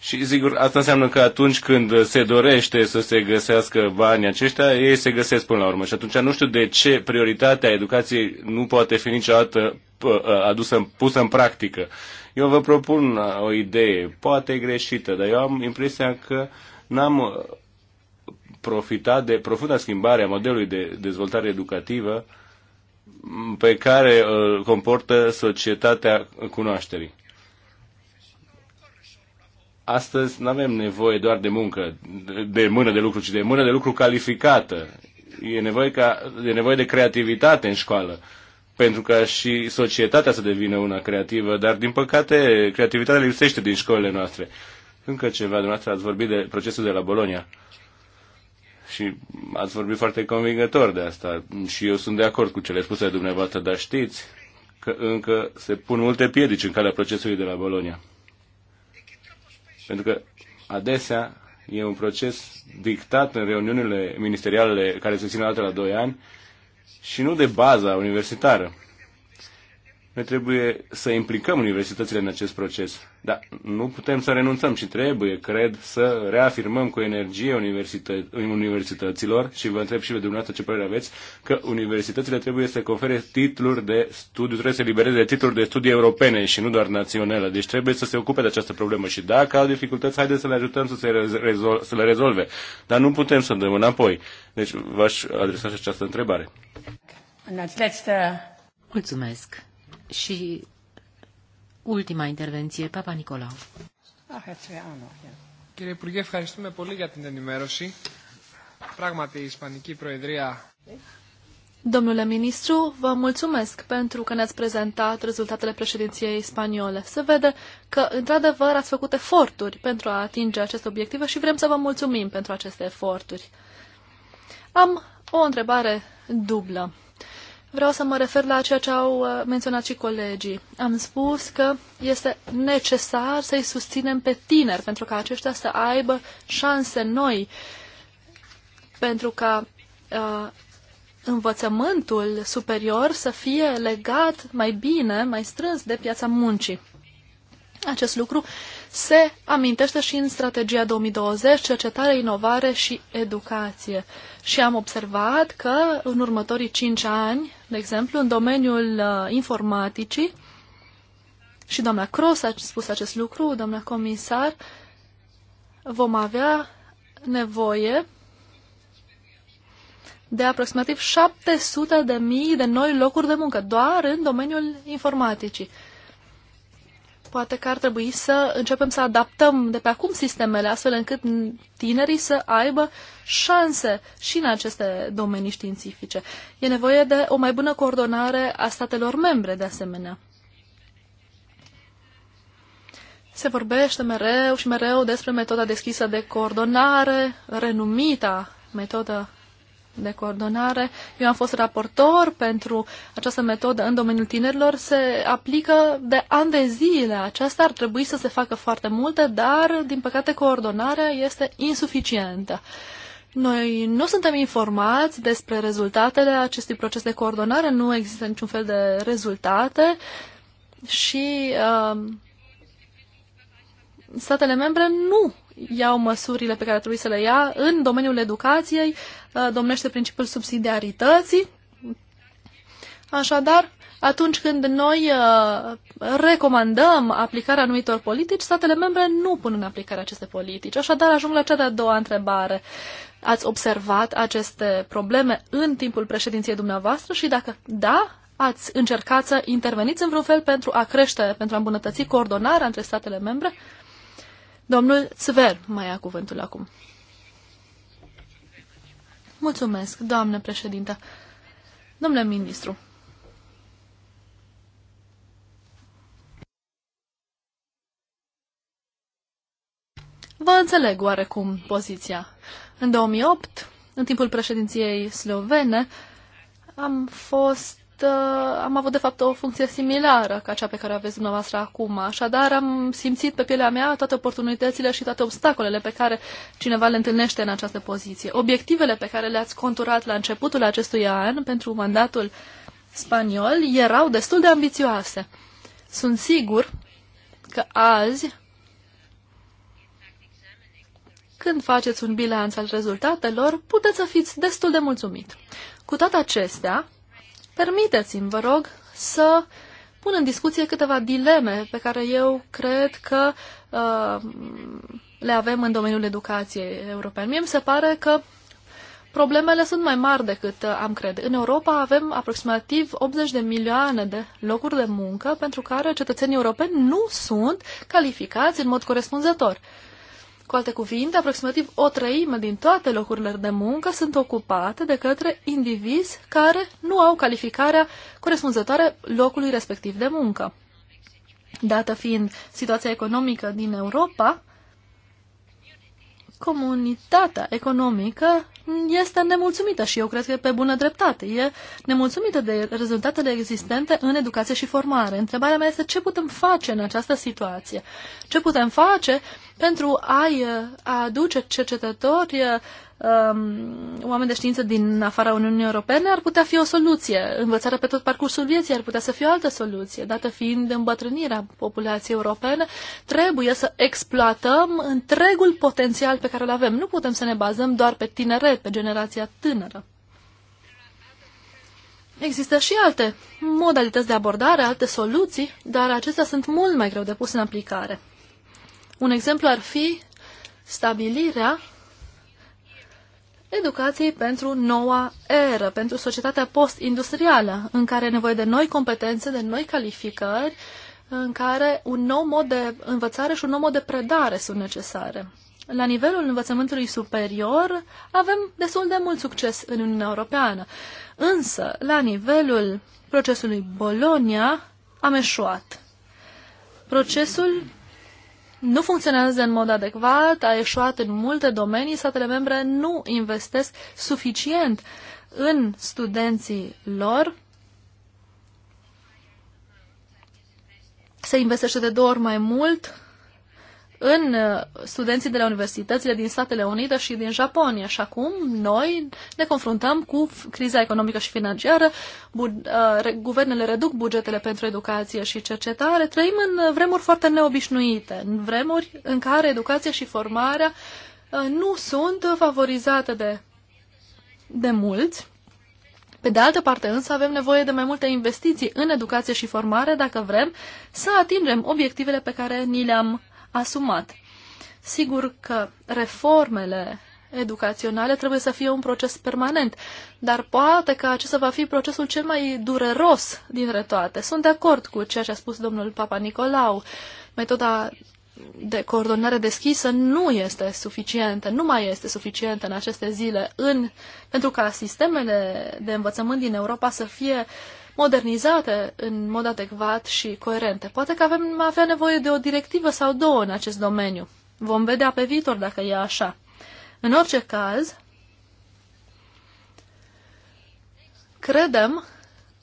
Și sigur, asta înseamnă că atunci când se dorește să se găsească banii aceștia, ei se găsesc până la urmă. Și atunci nu știu de ce prioritatea educației nu poate fi niciodată uh, adusă, pusă în practică. Uh, eu vă propun uh, o idee, poate greșită, dar eu am impresia că n-am uh, profitat de profunda schimbare a modelului de dezvoltare educativă pe care îl uh, comportă societatea cunoașterii. Astăzi nu avem nevoie doar de muncă, de mână de lucru, ci de mână de lucru calificată. E nevoie, ca, e nevoie de creativitate în școală. Uh, pentru ca și societatea să devină una creativă, dar din păcate creativitatea lipsește din școlile noastre. Încă ceva, dumneavoastră ați vorbit de procesul de la Bolonia și ați vorbit foarte convingător de asta și eu sunt de acord cu cele spuse de dumneavoastră, dar știți că încă se pun multe piedici în calea procesului de la Bolonia. Pentru că adesea e un proces dictat în reuniunile ministeriale care se țin la la ani și nu de baza universitară. Noi trebuie să implicăm universitățile în acest proces. Dar nu putem să renunțăm și trebuie, cred, să reafirmăm cu energie universită- universităților și vă întreb și pe dumneavoastră ce părere aveți, că universitățile trebuie să confere titluri de studiu, trebuie să libereze titluri de studii europene și nu doar naționale. Deci trebuie să se ocupe de această problemă și dacă au dificultăți, haideți să le ajutăm să, se rezol- să le rezolve. Dar nu putem să dăm înapoi. Deci v-aș adresa și această întrebare. Mulțumesc. Și ultima intervenție, Papa Nicolau. Ah, Κύριε Υπουργέ, ευχαριστούμε πολύ για την ενημέρωση. Πράγματι, η Ισπανική Προεδρία... Domnule ministru, vă mulțumesc pentru că ne-ați prezentat rezultatele președinției spaniole. Se vede că, într-adevăr, ați făcut eforturi pentru a atinge aceste obiective și vrem să vă mulțumim pentru aceste eforturi. Am o întrebare dublă vreau să mă refer la ceea ce au uh, menționat și colegii. Am spus că este necesar să-i susținem pe tineri pentru ca aceștia să aibă șanse noi, pentru ca uh, învățământul superior să fie legat mai bine, mai strâns de piața muncii. Acest lucru se amintește și în strategia 2020, cercetare, inovare și educație. Uh, și am observat că în următorii cinci ani, de exemplu, în domeniul uh, informaticii, și doamna Cross a spus acest lucru, doamna comisar, vom avea nevoie de aproximativ 700 de mii de noi locuri de muncă, doar în domeniul informaticii. Poate că ar trebui să începem să adaptăm de pe acum sistemele astfel încât tinerii să aibă șanse și în aceste domenii științifice. E nevoie de o mai bună coordonare a statelor membre, de asemenea. Se vorbește mereu și mereu despre metoda deschisă de coordonare, renumita metodă de coordonare. Eu am fost raportor pentru această metodă în domeniul tinerilor. Se aplică de ani de zile. Aceasta ar trebui să se facă foarte multe, dar, din păcate, coordonarea este insuficientă. Noi nu suntem informați despre rezultatele acestui proces de coordonare, nu există niciun fel de rezultate și uh, statele membre nu iau măsurile pe care trebuie să le ia. În domeniul educației uh, domnește principiul subsidiarității. Așadar, atunci când noi uh, recomandăm aplicarea anumitor politici, statele membre nu pun în aplicare aceste politici. Așadar, ajung la cea de-a doua întrebare. Ați observat aceste probleme în timpul președinției dumneavoastră și dacă da, ați încercat să interveniți în vreun fel pentru a crește, pentru a îmbunătăți coordonarea între statele membre? Uh, Domnul Țver mai ia cuvântul acum. Mulțumesc, doamnă președintă. Domnule ministru. Vă înțeleg oarecum poziția. În 2008, în timpul președinției slovene, am fost Uh, am avut de fapt o funcție similară ca cea pe care o aveți dumneavoastră acum. Așadar, am simțit pe pielea mea toate oportunitățile și toate obstacolele pe care cineva le întâlnește în această poziție. Obiectivele pe care le-ați conturat la începutul acestui an pentru mandatul spaniol erau destul de ambițioase. Sunt sigur că azi, când faceți un bilanț al rezultatelor, puteți să fiți destul de mulțumit. Cu toate acestea, Permiteți-mi, vă rog, să pun în discuție câteva dileme pe care eu cred că uh, le avem în domeniul educației europene. Mie mi se pare că problemele sunt mai mari decât uh, am crede. În Europa avem aproximativ 80 de milioane de locuri de muncă pentru care cetățenii europeni nu sunt calificați în mod corespunzător. Uh, cu alte cuvinte, aproximativ o treime din toate locurile de muncă sunt ocupate de către indivizi care nu au calificarea corespunzătoare locului respectiv de muncă. Dată fiind situația economică din Europa, comunitatea economică este nemulțumită și eu cred că pe bună dreptate. E nemulțumită de rezultatele existente în educație și formare. Întrebarea mea este ce putem face în această situație? Ce putem face pentru a aduce cercetători um, oameni de știință din afara Uniunii Europene ar putea fi o soluție. Învățarea pe tot parcursul vieții ar putea să fie o altă soluție. Dată fiind îmbătrânirea populației europene, trebuie să exploatăm întregul potențial pe care îl avem. Nu putem să ne bazăm doar pe tineret, pe generația tânără. Există și alte modalități de abordare, alte soluții, dar acestea sunt mult mai greu de pus în aplicare. Un exemplu ar fi stabilirea educației pentru noua eră, pentru societatea post-industrială, în care e nevoie de noi competențe, de noi calificări, în care un nou mod de învățare și un nou mod de predare sunt necesare. La nivelul învățământului superior avem destul de mult succes în Uniunea Europeană, însă la nivelul procesului Bologna am eșuat. Procesul nu funcționează în mod adecvat, a eșuat în multe domenii, statele membre nu investesc suficient în studenții lor. Se investește de două ori mai mult în uh, studenții de la universitățile din Statele Unite și din Japonia. Și acum noi ne confruntăm cu criza economică și financiară, uh, guvernele reduc bugetele pentru educație și cercetare, trăim în uh, vremuri foarte neobișnuite, în vremuri în care educația și formarea nu sunt favorizate de, de mulți. Pe de altă parte însă avem nevoie de mai multe investiții în educație și formare dacă vrem să atingem obiectivele pe care ni le-am asumat. Sigur că reformele educaționale trebuie să fie un proces permanent, dar poate că acesta va fi procesul cel mai dureros dintre toate. Sunt de acord cu ceea ce a spus domnul Papa Nicolau. Metoda de coordonare deschisă nu este suficientă, nu mai este suficientă în aceste zile în, pentru ca sistemele de învățământ din Europa să fie modernizate în mod adecvat și coerente. Poate că avem avea nevoie de o directivă sau două în acest domeniu. Vom vedea pe viitor dacă e așa. În orice caz, credem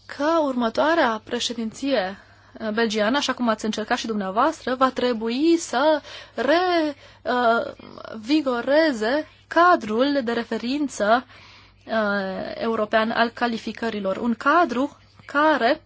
că următoarea președinție belgiană, așa cum ați încercat și dumneavoastră, va trebui să revigoreze uh, cadrul de referință uh, european al calificărilor. Un cadru care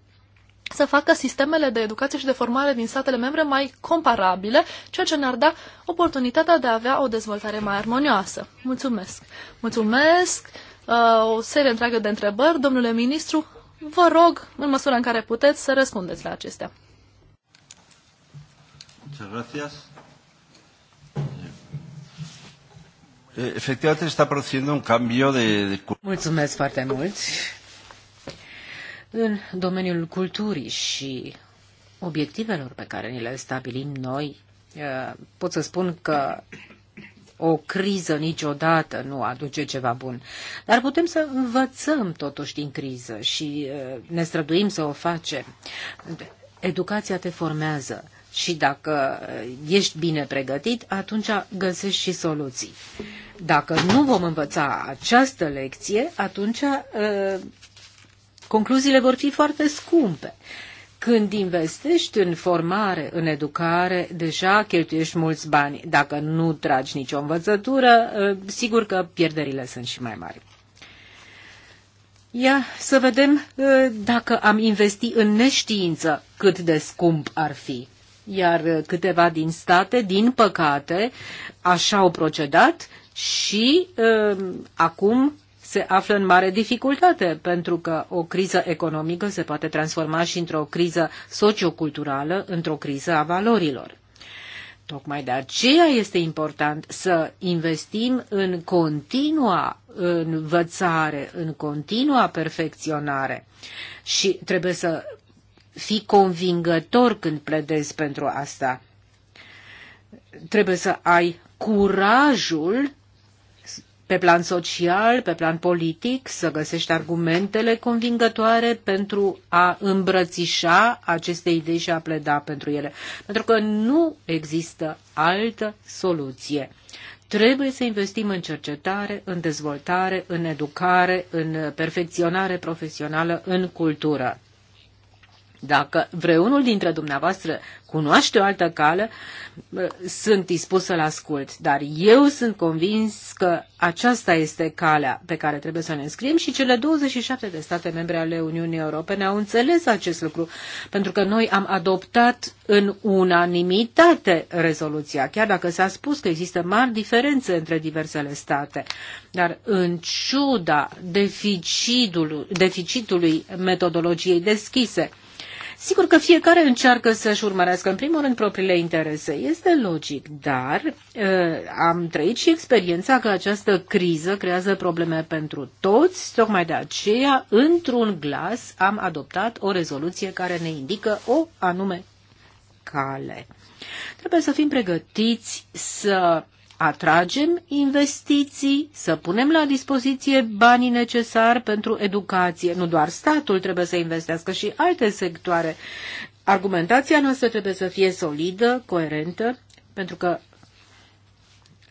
să facă sistemele de educație și de formare din statele membre mai comparabile, ceea ce ne-ar da oportunitatea de a avea o dezvoltare mai armonioasă. Mulțumesc! Mulțumesc! Uh, o serie întreagă de întrebări. Domnule ministru, vă rog, în măsura în care puteți, să răspundeți la acestea. Muchas eh, Efectivamente está produciendo un cambio de... Mulțumesc foarte mult. În domeniul culturii și obiectivelor pe care ni le stabilim noi, uh, pot să spun că o criză niciodată nu aduce ceva bun. Dar putem să învățăm totuși din criză și uh, ne străduim să o facem. Educația te formează și dacă uh, ești bine pregătit, atunci găsești și soluții. Dacă nu vom învăța această lecție, atunci Concluziile vor fi foarte scumpe. Când investești în formare, în educare, deja cheltuiești mulți bani. Dacă nu tragi nicio învățătură, ă, sigur că pierderile sunt și mai mari. Ia să vedem ă, dacă am investi în neștiință cât de scump ar fi. Iar câteva din state, din păcate, așa au procedat și ă, acum se află în mare dificultate, pentru că o criză economică se poate transforma și într-o criză socioculturală, într-o criză a valorilor. Tocmai de aceea este important să investim în continua învățare, în continua perfecționare și trebuie să fii convingător când pledezi pentru asta. Trebuie să ai curajul pe plan social, pe plan politic, să găsești argumentele convingătoare pentru a îmbrățișa aceste idei și a pleda pentru ele. Pentru că nu există altă soluție. Trebuie să investim în cercetare, în dezvoltare, în educare, în perfecționare profesională, în cultură. Dacă vreunul dintre dumneavoastră cunoaște o altă cale, sunt dispus să-l ascult, dar eu sunt convins că aceasta este calea pe care trebuie să ne înscriem și cele 27 de state membre ale Uniunii Europene au înțeles acest lucru, pentru că noi am adoptat în unanimitate rezoluția, chiar dacă s-a spus că există mari diferențe între diversele state. Dar în ciuda deficitului, deficitului metodologiei deschise, Sigur că fiecare încearcă să-și urmărească în primul rând propriile interese. Este logic, dar uh, am trăit și experiența că această criză creează probleme pentru toți. Tocmai de aceea, într-un glas, am adoptat o rezoluție care ne indică o anume cale. Trebuie să fim pregătiți să atragem investiții, să punem la dispoziție banii necesari pentru educație. Nu doar statul trebuie să investească și alte sectoare. Argumentația noastră trebuie să fie solidă, coerentă, pentru că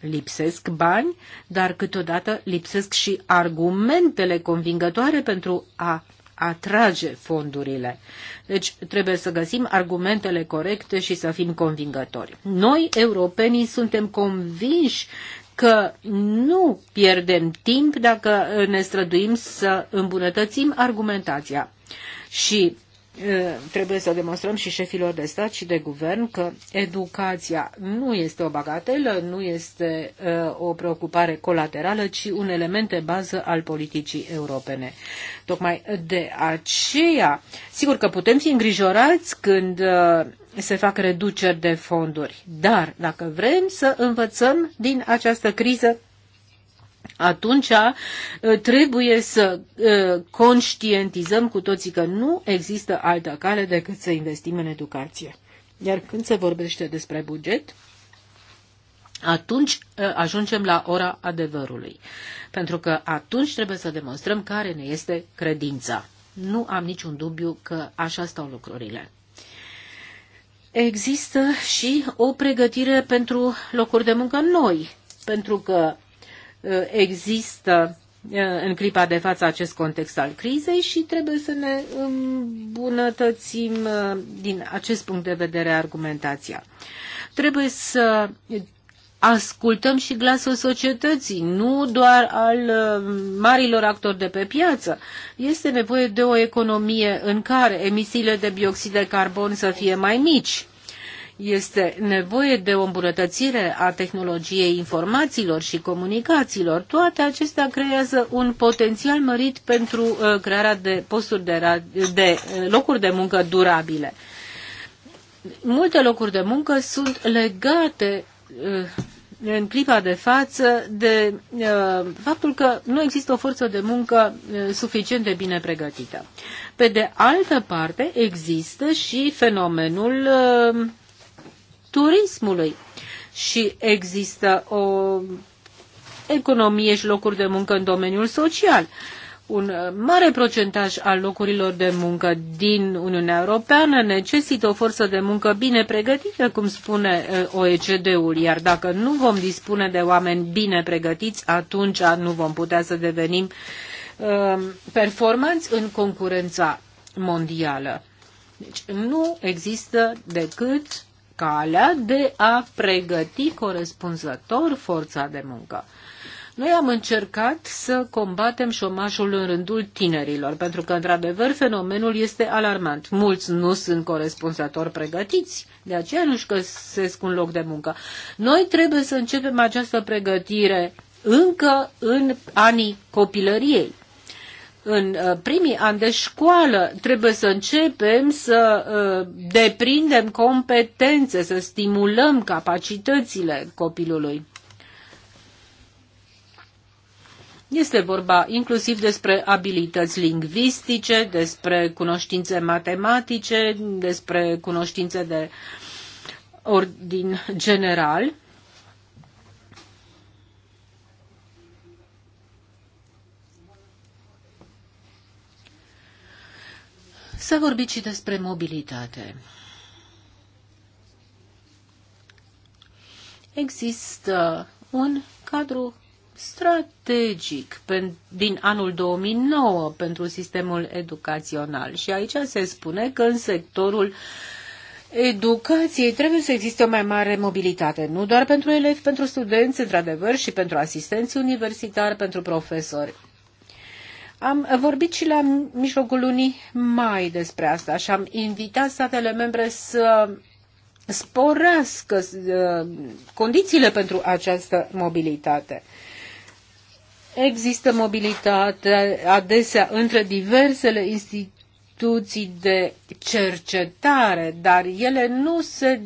lipsesc bani, dar câteodată lipsesc și argumentele convingătoare pentru a atrage fondurile. Deci trebuie să găsim argumentele corecte și să fim convingători. Noi, europenii, suntem convinși că nu pierdem timp dacă ne străduim să îmbunătățim argumentația. Și trebuie să demonstrăm și șefilor de stat și de guvern că educația nu este o bagatelă, nu este o preocupare colaterală, ci un element de bază al politicii europene. Tocmai de aceea, sigur că putem fi îngrijorați când se fac reduceri de fonduri, dar dacă vrem să învățăm din această criză, atunci uh, trebuie să uh, conștientizăm cu toții că nu există altă cale decât să investim în educație. Iar când se vorbește despre buget, atunci uh, ajungem la ora adevărului. Pentru că atunci trebuie să demonstrăm care ne este credința. Nu am niciun dubiu că așa stau lucrurile. Există și o pregătire pentru locuri de muncă noi, pentru că Uh, există uh, în clipa de față acest context al crizei și trebuie să ne îmbunătățim uh, din acest punct de vedere argumentația. Trebuie să ascultăm și glasul societății, nu doar al marilor actori de pe piață. Este nevoie de o economie în care emisiile de bioxid de carbon să fie mai mici este nevoie de o îmbunătățire a tehnologiei informațiilor și comunicațiilor. Toate acestea creează un potențial mărit pentru uh, crearea de posturi de, de uh, locuri de muncă durabile. Multe locuri de muncă sunt legate uh, în clipa de față de uh, faptul că nu există o forță de muncă uh, suficient de bine pregătită. Pe de altă parte, există și fenomenul uh, turismului. Și există o economie și locuri de muncă în domeniul social. Un uh, mare procentaj al locurilor de muncă din Uniunea Europeană necesită o forță de muncă bine pregătită, cum spune uh, OECD-ul, iar dacă nu vom dispune de oameni bine pregătiți, atunci nu vom putea să devenim uh, performanți în concurența mondială. Deci nu există decât calea de a pregăti corespunzător forța de muncă. Noi am încercat să combatem șomajul în rândul tinerilor, pentru că, într-adevăr, fenomenul este alarmant. Mulți nu sunt corespunzători pregătiți, de aceea nu-și găsesc un loc de muncă. Noi trebuie să începem această pregătire încă în anii copilăriei în uh, primii ani de școală trebuie să începem să uh, deprindem competențe, să stimulăm capacitățile copilului. Este vorba inclusiv despre abilități lingvistice, despre cunoștințe matematice, despre cunoștințe de ordin general Să vorbiți și despre mobilitate. Există un cadru strategic din anul 2009 pentru sistemul educațional și aici se spune că în sectorul educației trebuie să existe o mai mare mobilitate, nu doar pentru elevi, pentru studenți, într-adevăr, și pentru asistenți universitari, pentru profesori. Am vorbit și la mijlocul lunii mai despre asta și am invitat statele membre să sporească condițiile pentru această mobilitate. Există mobilitate adesea între diversele instituții de cercetare, dar ele nu se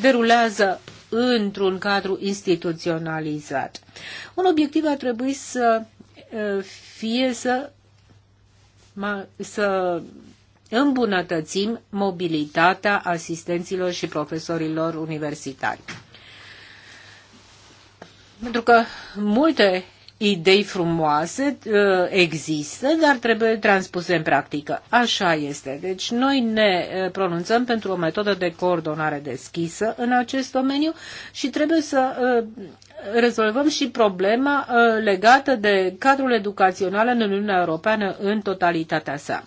derulează într-un cadru instituționalizat. Un obiectiv ar trebui să fie să, să îmbunătățim mobilitatea asistenților și profesorilor universitari. Pentru că multe idei frumoase uh, există, dar trebuie transpuse în practică. Așa este. Deci noi ne uh, pronunțăm pentru o metodă de coordonare deschisă în acest domeniu și trebuie să uh, rezolvăm și problema legată de cadrul educațional în Uniunea Europeană în totalitatea sa.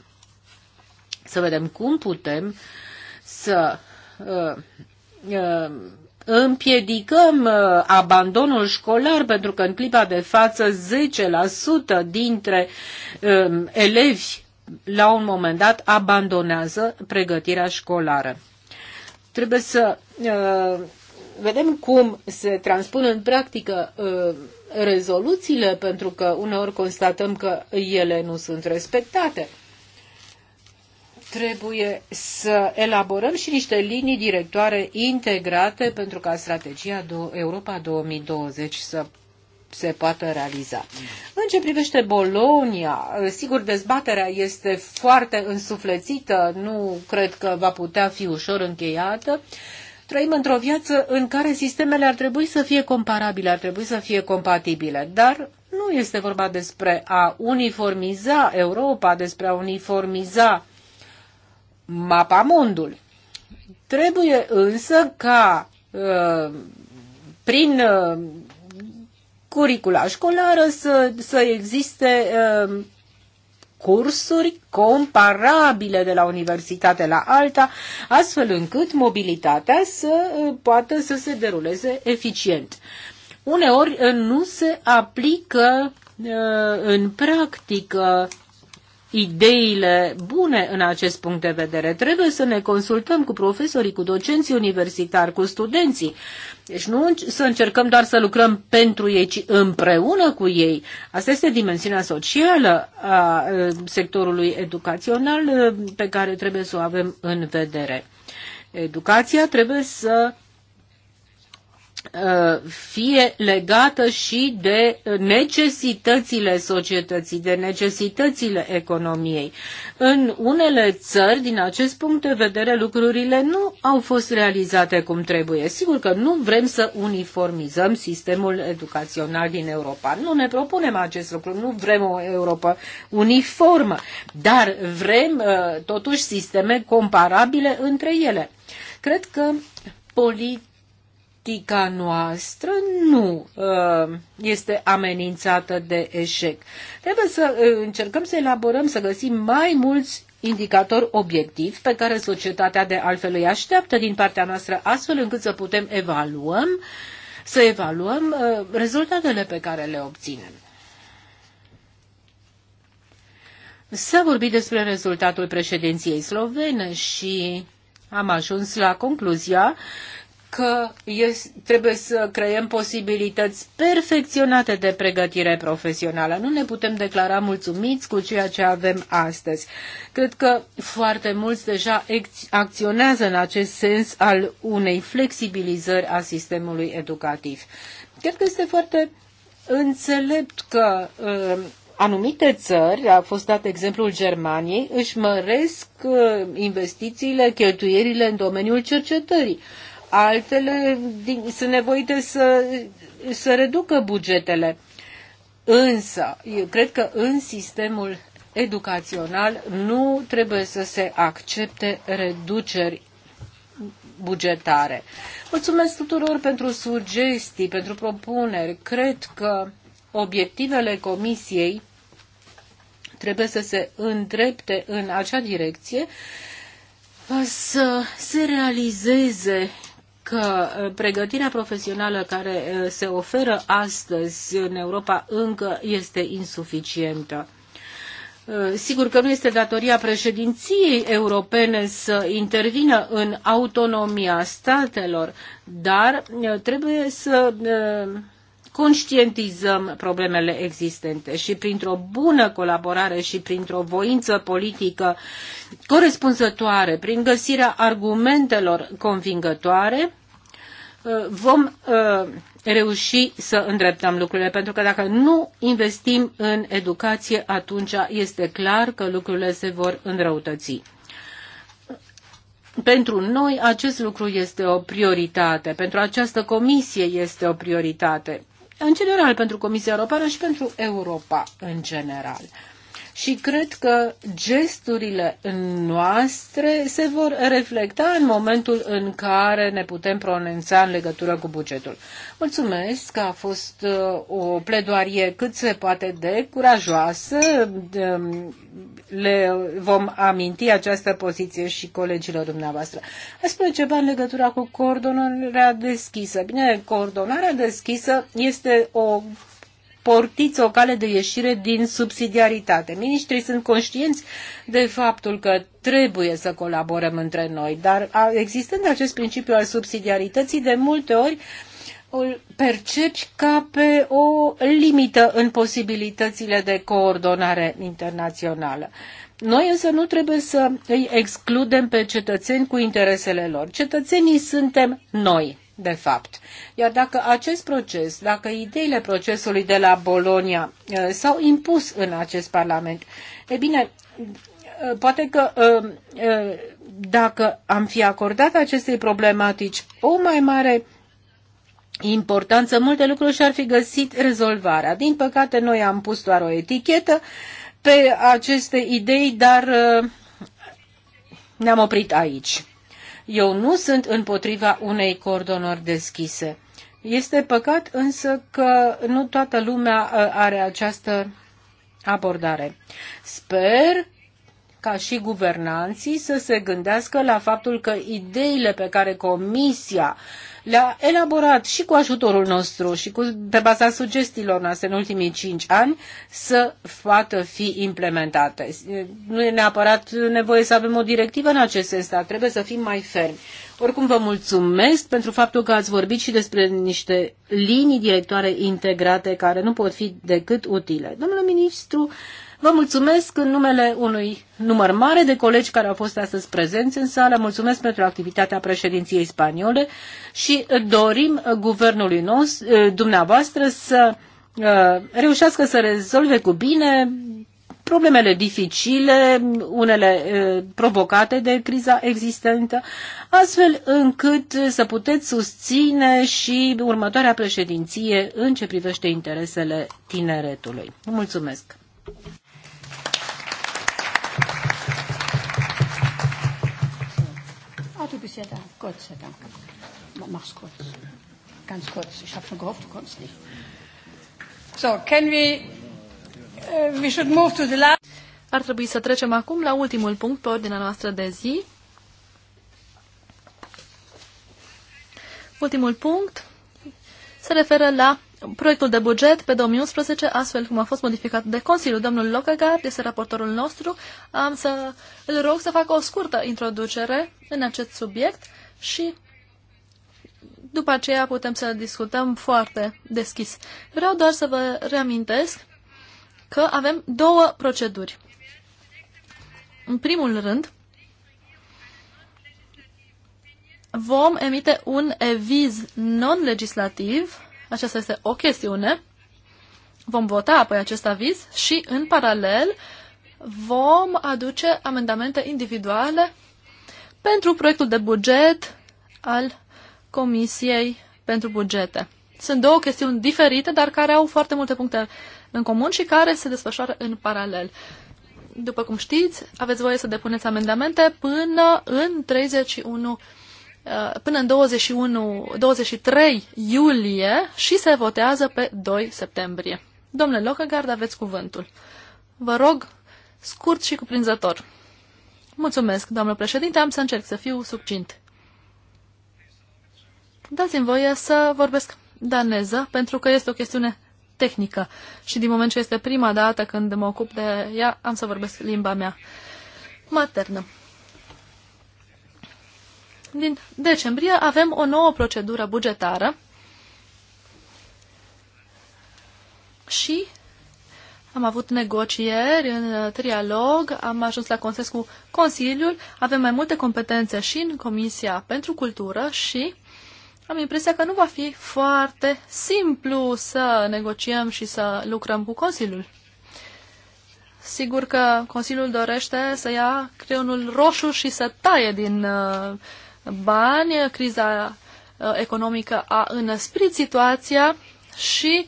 Să vedem cum putem să împiedicăm uh, abandonul școlar, pentru că în clipa de față 10% dintre um, elevi la un moment dat abandonează pregătirea școlară. Trebuie să uh, vedem cum se transpun în practică uh, rezoluțiile, pentru că uneori constatăm că ele nu sunt respectate trebuie să elaborăm și niște linii directoare integrate pentru ca strategia Europa 2020 să se poată realiza. În ce privește Bolonia, sigur, dezbaterea este foarte însuflețită, nu cred că va putea fi ușor încheiată. Trăim într-o viață în care sistemele ar trebui să fie comparabile, ar trebui să fie compatibile, dar nu este vorba despre a uniformiza Europa, despre a uniformiza mapamondul. Trebuie însă ca uh, prin uh, curicula școlară să, să existe uh, cursuri comparabile de la universitate la alta, astfel încât mobilitatea să poată să se deruleze eficient. Uneori nu se aplică în practică ideile bune în acest punct de vedere. Trebuie să ne consultăm cu profesorii, cu docenții universitari, cu studenții. Deci nu să încercăm doar să lucrăm pentru ei, ci împreună cu ei. Asta este dimensiunea socială a sectorului educațional pe care trebuie să o avem în vedere. Educația trebuie să Uh, fie legată și de necesitățile societății, de necesitățile economiei. În unele țări, din acest punct de vedere, lucrurile nu au fost realizate cum trebuie. Sigur că nu vrem să uniformizăm sistemul educațional din Europa. Nu ne propunem acest lucru, nu vrem o Europa uniformă, dar vrem uh, totuși sisteme comparabile între ele. Cred că politica politica noastră nu uh, este amenințată de eșec. Trebuie să uh, încercăm să elaborăm, să găsim mai mulți indicatori obiectivi pe care societatea de altfel îi așteaptă din partea noastră, astfel încât să putem evaluăm, să evaluăm uh, rezultatele pe care le obținem. S-a vorbit despre rezultatul președinției slovene și am ajuns la concluzia că trebuie să creăm posibilități perfecționate de pregătire profesională. Nu ne putem declara mulțumiți cu ceea ce avem astăzi. Cred că foarte mulți deja acționează în acest sens al unei flexibilizări a sistemului educativ. Cred că este foarte înțelept că uh, anumite țări, a fost dat exemplul Germaniei, își măresc uh, investițiile, cheltuierile în domeniul cercetării altele din, sunt nevoite să, să reducă bugetele. Însă, eu cred că în sistemul educațional nu trebuie să se accepte reduceri bugetare. Mulțumesc tuturor pentru sugestii, pentru propuneri. Cred că obiectivele comisiei trebuie să se îndrepte în acea direcție să se realizeze că uh, pregătirea profesională care uh, se oferă astăzi în Europa încă este insuficientă. Uh, sigur că nu este datoria președinției europene să intervină în autonomia statelor, dar trebuie să conștientizăm problemele existente și printr-o bună colaborare și printr-o voință politică corespunzătoare, prin găsirea argumentelor convingătoare, uh, vom uh, reuși să îndreptăm lucrurile, pentru că dacă nu investim în educație, atunci este clar că lucrurile se vor înrăutăți. Pentru noi acest lucru este o prioritate, pentru această comisie este o prioritate în general pentru Comisia Europeană și pentru Europa în general și cred că gesturile noastre se vor reflecta în momentul în care ne putem pronunța în legătură cu bugetul. Mulțumesc că a fost uh, o pledoarie cât se poate de curajoasă. Le vom aminti această poziție și colegilor dumneavoastră. A spune ceva în legătura cu coordonarea deschisă. Bine, coordonarea deschisă este o portiți o cale de ieșire din subsidiaritate. Ministrii sunt conștienți de faptul că trebuie să colaborăm între noi, dar existând acest principiu al subsidiarității, de multe ori îl percepi ca pe o limită în posibilitățile de coordonare internațională. Noi însă nu trebuie să îi excludem pe cetățeni cu interesele lor. Cetățenii suntem noi de fapt. Iar dacă acest proces, dacă ideile procesului de la Bolonia uh, s-au impus în acest Parlament, e bine, uh, poate că uh, dacă am fi acordat acestei problematici o mai mare importanță, multe lucruri și-ar fi găsit rezolvarea. Din păcate, noi am pus doar o etichetă pe aceste idei, dar ne-am oprit aici. Eu nu sunt împotriva unei coordonări deschise. Este păcat însă că nu toată lumea uh, are această abordare. Sper ca și guvernanții să se gândească la faptul că ideile pe care Comisia uh, le-a elaborat și cu ajutorul nostru și cu, pe baza sugestiilor noastre în ultimii cinci ani să poată fi implementate. Nu e neapărat nevoie să avem o directivă în acest sens, dar trebuie să fim mai fermi. Oricum vă mulțumesc pentru faptul că ați vorbit și despre niște linii directoare integrate care nu pot fi decât utile. Domnule ministru, Vă mulțumesc în numele unui număr mare de colegi care au fost astăzi prezenți în sală. Mulțumesc pentru activitatea președinției spaniole și dorim guvernului nostru, eh, dumneavoastră să eh, reușească să rezolve cu bine problemele dificile, unele eh, provocate de criza existentă, astfel încât să puteți susține și următoarea președinție în ce privește interesele tineretului. Mulțumesc! bist ja da. Gott sei Dank. Mach's kurz. Ganz kurz. Ich habe schon gehofft, du kommst nicht. So, can we... Uh, we should move to the last... Ar trebui să trecem acum la ultimul punct pe ordinea noastră de zi. Ultimul punct se referă la proiectul de buget pe 2011, astfel cum a fost modificat de Consiliu. Domnul Lockegaard este raportorul nostru. Am să îl rog să facă o scurtă introducere în acest subiect și după aceea putem să discutăm foarte deschis. Vreau doar să vă reamintesc că avem două proceduri. În primul rând, vom emite un eviz non-legislativ aceasta este o chestiune. Vom vota apoi acest aviz și, în paralel, vom aduce amendamente individuale pentru proiectul de buget al Comisiei pentru Bugete. Sunt două chestiuni diferite, dar care au foarte multe puncte în comun și care se desfășoară în paralel. După cum știți, aveți voie să depuneți amendamente până în 31 Uh, până în 21, 23 iulie și se votează pe 2 septembrie. Domnule Locăgard, aveți cuvântul. Vă rog, scurt și cuprinzător. Mulțumesc, domnule președinte, am să încerc să fiu succint. Dați-mi voie să vorbesc daneză, pentru că este o chestiune tehnică și din moment ce este prima dată când mă ocup de ea, am să vorbesc limba mea maternă din decembrie avem o nouă procedură bugetară și am avut negocieri în uh, trialog, am ajuns la consens cu Consiliul, avem mai multe competențe și în Comisia pentru Cultură și am impresia că nu va fi foarte simplu să negociem și să lucrăm cu Consiliul. Sigur că Consiliul dorește să ia creionul roșu și să taie din uh, bani, criza uh, economică a înăsprit situația și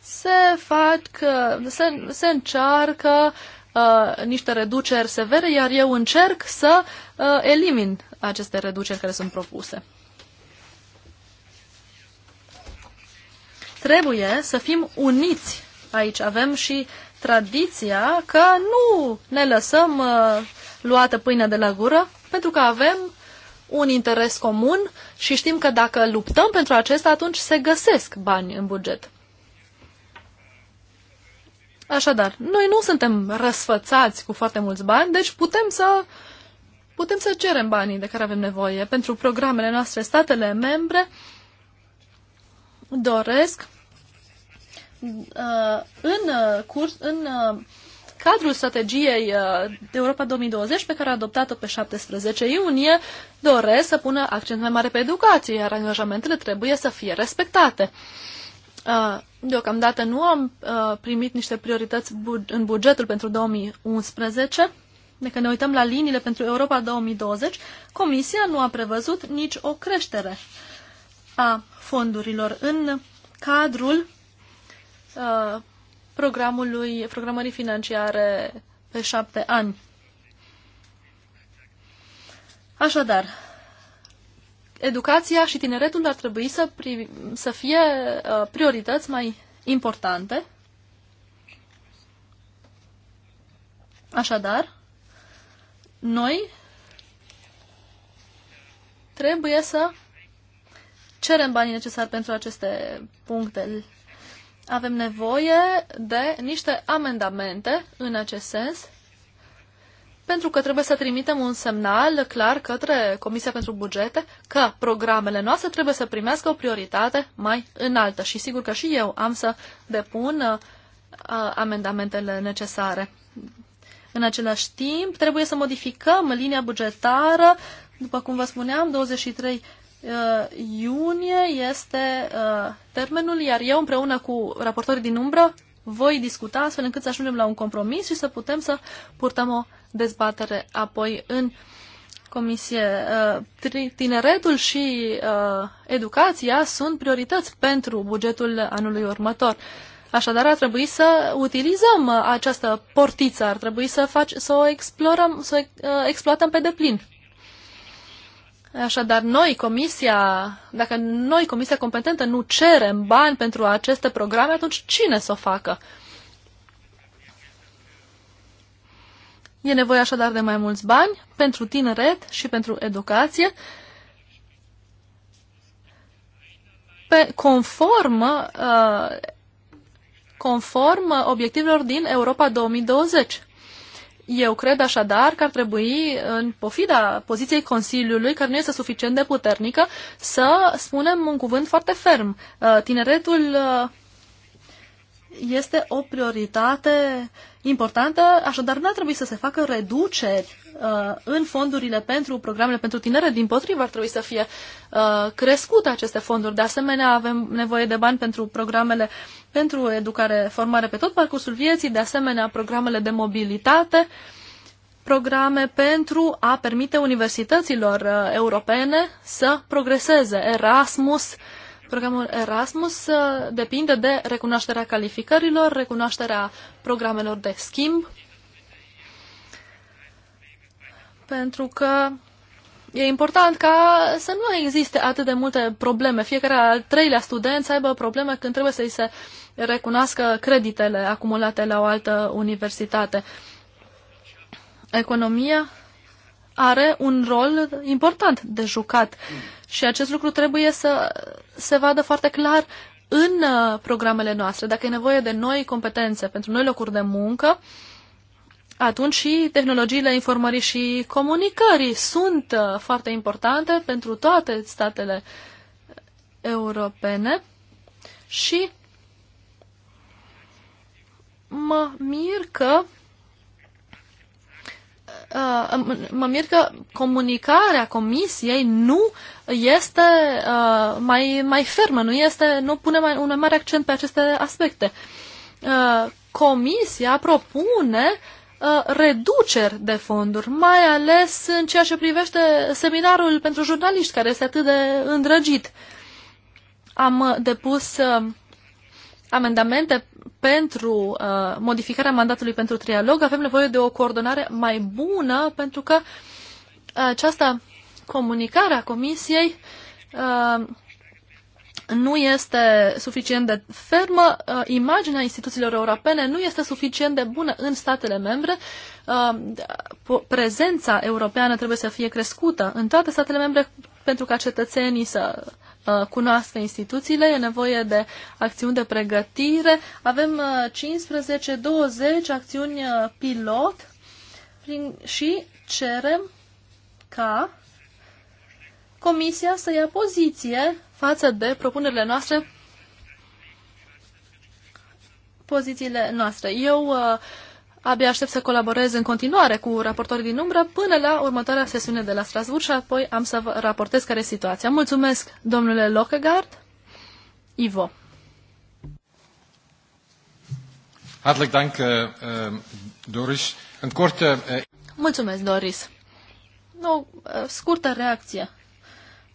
se fac, uh, se, se încearcă uh, niște reduceri severe, iar eu încerc să uh, elimin aceste reduceri care sunt propuse. Trebuie să fim uniți aici. Avem și tradiția că nu ne lăsăm uh, luată pâine de la gură, pentru că avem un interes comun și știm că dacă luptăm pentru acesta, atunci se găsesc bani în buget. Așadar, noi nu suntem răsfățați cu foarte mulți bani, deci putem să, putem să cerem banii de care avem nevoie pentru programele noastre. Statele membre doresc uh, în, uh, curs, în uh, cadrul strategiei uh, Europa 2020 pe care a adoptat-o pe 17 iunie doresc să pună accent mai mare pe educație, iar angajamentele trebuie să fie respectate. Uh, deocamdată nu am uh, primit niște priorități în bugetul pentru 2011. Dacă ne uităm la liniile pentru Europa 2020, Comisia nu a prevăzut nici o creștere a fondurilor în cadrul uh, programului, programării financiare pe șapte ani. Așadar, educația și tineretul ar trebui să, pri, să fie uh, priorități mai importante. Așadar, noi trebuie să cerem banii necesari pentru aceste puncte avem nevoie de niște amendamente în acest sens, pentru că trebuie să trimitem un semnal clar către Comisia pentru Bugete că programele noastre trebuie să primească o prioritate mai înaltă și sigur că și eu am să depun uh, amendamentele necesare. În același timp, trebuie să modificăm linia bugetară, după cum vă spuneam, 23 Uh, iunie este uh, termenul, iar eu împreună cu raportorii din umbră voi discuta astfel încât să ajungem la un compromis și să putem să purtăm o dezbatere apoi în Comisie. Uh, tineretul și educația sunt priorități pentru bugetul anului următor. Așadar, ar trebui să utilizăm această portiță, ar trebui să, faci, să o explorăm, să o exploatăm pe deplin. Așadar, noi, comisia, dacă noi, comisia competentă, nu cerem bani pentru aceste programe, atunci cine să o facă? E nevoie așadar de mai mulți bani pentru tineret și pentru educație, pe, conform, uh, conform obiectivelor din Europa 2020. Eu cred așadar că ar trebui, în pofida poziției Consiliului, care nu este suficient de puternică, să spunem un cuvânt foarte ferm. Uh, tineretul uh, este o prioritate importantă, așadar nu ar trebui să se facă reduceri uh, în fondurile pentru programele pentru tinere, din potrivă ar trebui să fie uh, crescute aceste fonduri. De asemenea, avem nevoie de bani pentru programele pentru educare, formare pe tot parcursul vieții, de asemenea programele de mobilitate, programe pentru a permite universităților uh, europene să progreseze. Erasmus, uh, Programul Erasmus uh, depinde de recunoașterea calificărilor, recunoașterea programelor de schimb, pentru că e important ca să nu existe atât de multe probleme. Fiecare al treilea student să aibă probleme când trebuie să-i se recunoască creditele acumulate la o altă universitate. Economia are un rol important de jucat. Mm și acest lucru trebuie să se vadă foarte clar în uh, programele noastre. Dacă e nevoie de noi competențe pentru noi locuri de muncă, atunci și tehnologiile informării și comunicării sunt uh, foarte importante pentru toate statele europene și mă mir că Uh, mă mir că comunicarea comisiei nu este uh, mai, mai fermă, nu, este, nu pune mai, un mai mare accent pe aceste aspecte. Uh, comisia propune uh, reduceri de fonduri, mai ales în ceea ce privește seminarul pentru jurnaliști, care este atât de îndrăgit. Am depus uh, amendamente pentru uh, modificarea mandatului pentru trialog, avem nevoie de o coordonare mai bună, pentru că această comunicare a Comisiei uh, nu este suficient de fermă, uh, imaginea instituțiilor europene nu este suficient de bună în statele membre, uh, prezența europeană trebuie să fie crescută în toate statele membre pentru ca cetățenii să Uh, cunoască instituțiile, e nevoie de acțiuni de pregătire. Avem 15-20 uh, acțiuni uh, pilot prin, și cerem ca Comisia să ia poziție față de propunerile noastre, pozițiile noastre. Eu uh, Abia aștept să colaborez în continuare cu raportorii din umbră până la următoarea sesiune de la Strasbourg. și apoi am să vă raportez care e situația. Mulțumesc, domnule Lockegaard. Ivo. Hartelijk dank, eh, eh, Doris. Een korte... Eh, Mulțumesc, Doris. O scurtă reacție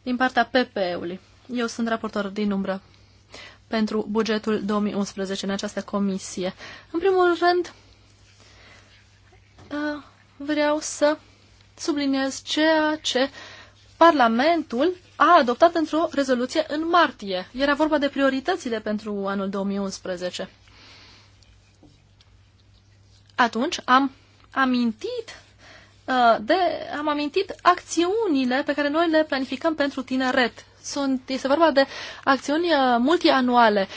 din partea PPE-ului. Eu sunt raportor din umbră pentru bugetul 2011 în această comisie. În primul rând, vreau să subliniez ceea ce Parlamentul a adoptat într-o rezoluție în martie. Era vorba de prioritățile pentru anul 2011. Atunci am amintit de, am amintit acțiunile pe care noi le planificăm pentru tineret. Sunt, este vorba de acțiuni multianuale,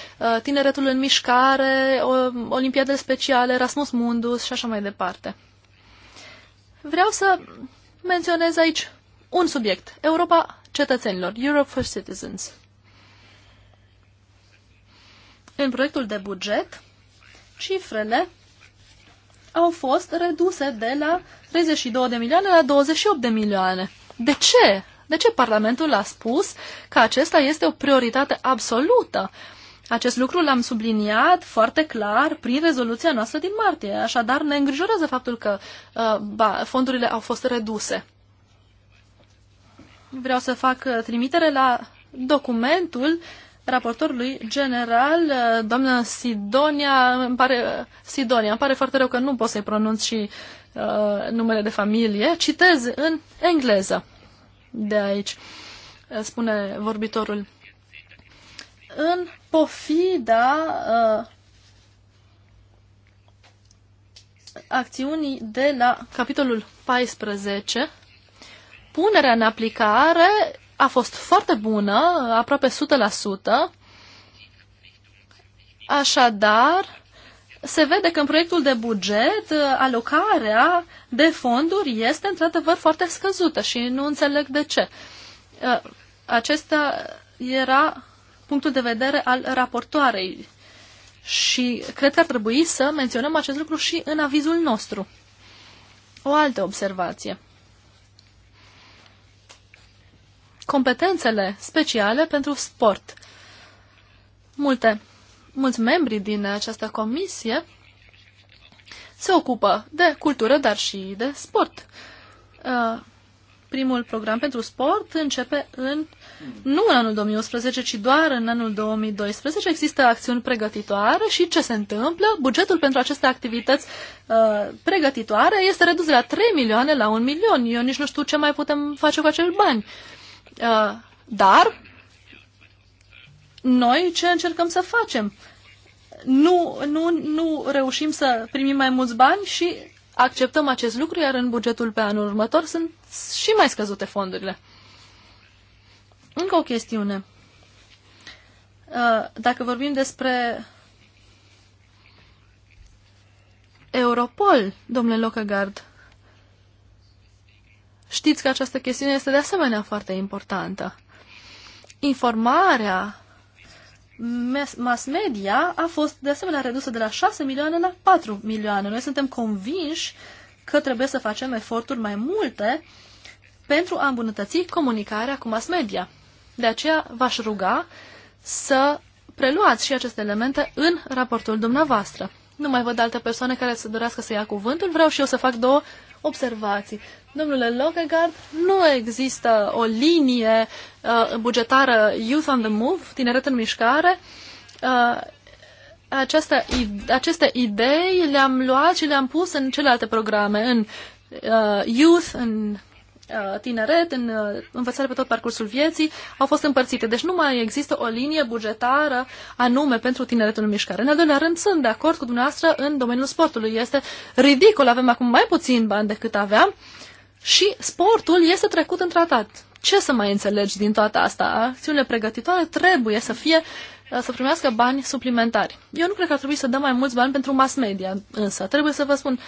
tineretul în mișcare, olimpiade speciale, Rasmus Mundus și așa mai departe. Vreau să menționez aici un subiect. Europa cetățenilor. Europe for Citizens. În proiectul de buget, cifrele au fost reduse de la 32 de milioane la 28 de milioane. De ce? De ce Parlamentul a spus că acesta este o prioritate absolută? Uh, acest lucru l-am subliniat foarte clar prin rezoluția noastră din martie. Așadar, ne îngrijorează faptul că uh, ba, fondurile au fost reduse. Vreau să fac uh, trimitere la documentul raportorului general, uh, doamna Sidonia, îmi pare, uh, Sidonia, îmi pare foarte rău că nu pot să-i pronunț și uh, numele de familie, citez în engleză de aici, spune vorbitorul în pofida uh, acțiunii de la capitolul 14, punerea în aplicare a fost foarte bună, aproape 100%. Așadar, se vede că în proiectul de buget uh, alocarea de fonduri este într-adevăr foarte scăzută și nu înțeleg de ce. Uh, acesta era punctul de vedere al raportoarei și cred că ar trebui să menționăm acest lucru și în avizul nostru. O altă observație. Competențele speciale pentru sport. Multe, mulți membri din această comisie se ocupă de cultură, dar și de sport. Uh, primul program pentru sport începe în, nu în anul 2011, ci doar în anul 2012. Există acțiuni pregătitoare și ce se întâmplă? Bugetul pentru aceste activități uh, pregătitoare este redus de la 3 milioane la 1 milion. Eu nici nu știu ce mai putem face cu acei bani. Uh, dar noi ce încercăm să facem? Nu, nu, nu reușim să primim mai mulți bani și acceptăm acest lucru, iar în bugetul pe anul următor sunt și mai scăzute fondurile. Încă o chestiune. Uh, dacă vorbim despre Europol, domnule Locăgard, știți că această chestiune este de asemenea foarte importantă. Informarea mass media a fost de asemenea redusă de la 6 milioane la 4 milioane. Noi suntem convinși că trebuie să facem eforturi mai multe pentru a îmbunătăți comunicarea cu mass media. De aceea v-aș ruga să preluați și aceste elemente în raportul dumneavoastră. Nu mai văd alte persoane care să dorească să ia cuvântul. Vreau și eu să fac două observații. Domnule Lockegaard, nu există o linie uh, bugetară Youth on the Move, tineret în mișcare. Uh, aceste, aceste idei le-am luat și le-am pus în celelalte programe, în uh, Youth, în uh, tineret, în uh, învățare pe tot parcursul vieții, au fost împărțite. Deci nu mai există o linie bugetară anume pentru tineretul în mișcare. În al doilea rând, sunt de acord cu dumneavoastră în domeniul sportului. Este ridicol, avem acum mai puțin bani decât aveam și sportul este trecut în tratat. Ce să mai înțelegi din toată asta? Acțiunile pregătitoare trebuie să fie să primească bani suplimentari. Eu nu cred că ar trebui să dăm mai mulți bani pentru mass media, însă trebuie să vă spun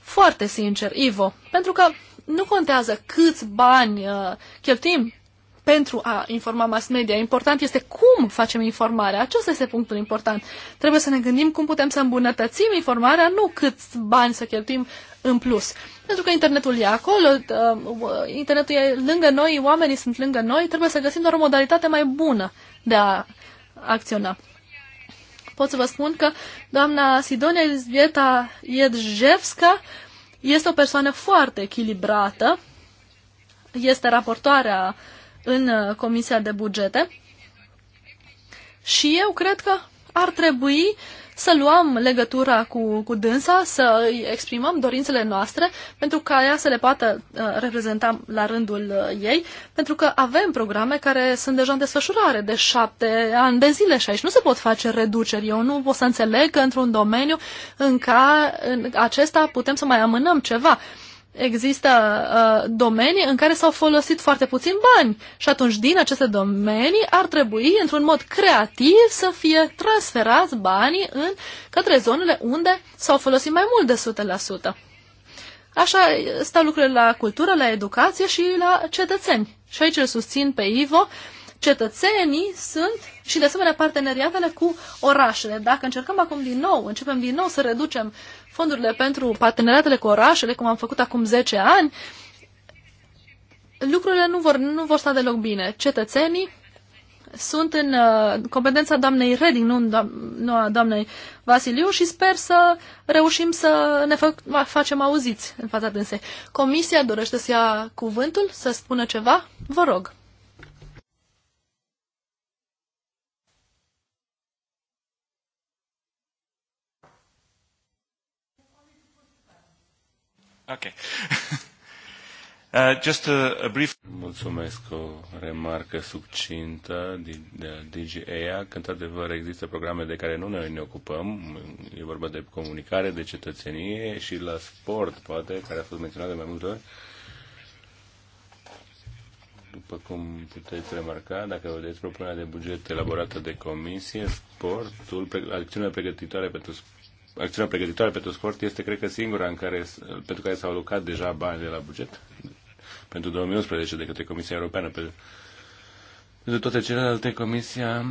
foarte sincer, Ivo, pentru că nu contează câți bani uh, cheltuim pentru a informa mass media. Important este cum facem informarea. Acesta este punctul important. Trebuie să ne gândim cum putem să îmbunătățim informarea, nu câți bani să cheltuim în plus. Pentru că internetul e acolo, uh, uh, internetul e lângă noi, oamenii sunt lângă noi, trebuie să găsim doar o modalitate mai bună de a acționa. Pot să vă spun că doamna Sidonia Elizbieta Iedjevska este o persoană foarte echilibrată, este raportoarea în uh, Comisia de Bugete și eu cred că ar trebui uh, să luăm legătura cu, cu dânsa, să îi exprimăm dorințele noastre, pentru ca ea să le poată uh, reprezenta la rândul uh, ei, pentru că avem programe care sunt deja în desfășurare de șapte ani de zile și aici nu se pot face reduceri. Eu nu o să înțeleg că într-un domeniu în care în acesta putem să mai amânăm ceva există uh, domenii în care s-au folosit foarte puțin bani și atunci din aceste domenii ar trebui, într-un mod creativ, să fie transferați banii în, către zonele unde s-au folosit mai mult de 100%. Așa stau lucrurile la cultură, la educație și la cetățeni. Și aici îl susțin pe Ivo. Cetățenii sunt și de asemenea parteneriatele cu orașele. Dacă încercăm acum din nou, începem din nou să reducem uh, fondurile pentru parteneriatele cu orașele, cum am făcut acum 10 ani, lucrurile nu vor, nu vor sta deloc bine. Cetățenii sunt în uh, competența doamnei Reding, nu, doam- nu a doamnei Vasiliu și sper să reușim să ne fac- facem auziți în fața dânsei. Comisia dorește să ia cuvântul, să spună ceva? Vă rog. Ok. Uh, just a, a brief... Mulțumesc, o remarcă succintă de DGEA, că într-adevăr există programe de care nu noi ne ocupăm, e vorba de comunicare, de cetățenie și la sport, poate, care a fost menționat de mai multe ori. După cum puteți remarca, dacă vedeți propunerea de buget elaborată de comisie, sportul, acțiunea pregătitoare pentru sport, acțiunea pregătitoare pentru sport este, cred că, singura în care, pentru care s-au alocat deja bani de la buget pentru 2011 de către Comisia Europeană. Pentru, pentru toate celelalte, Comisia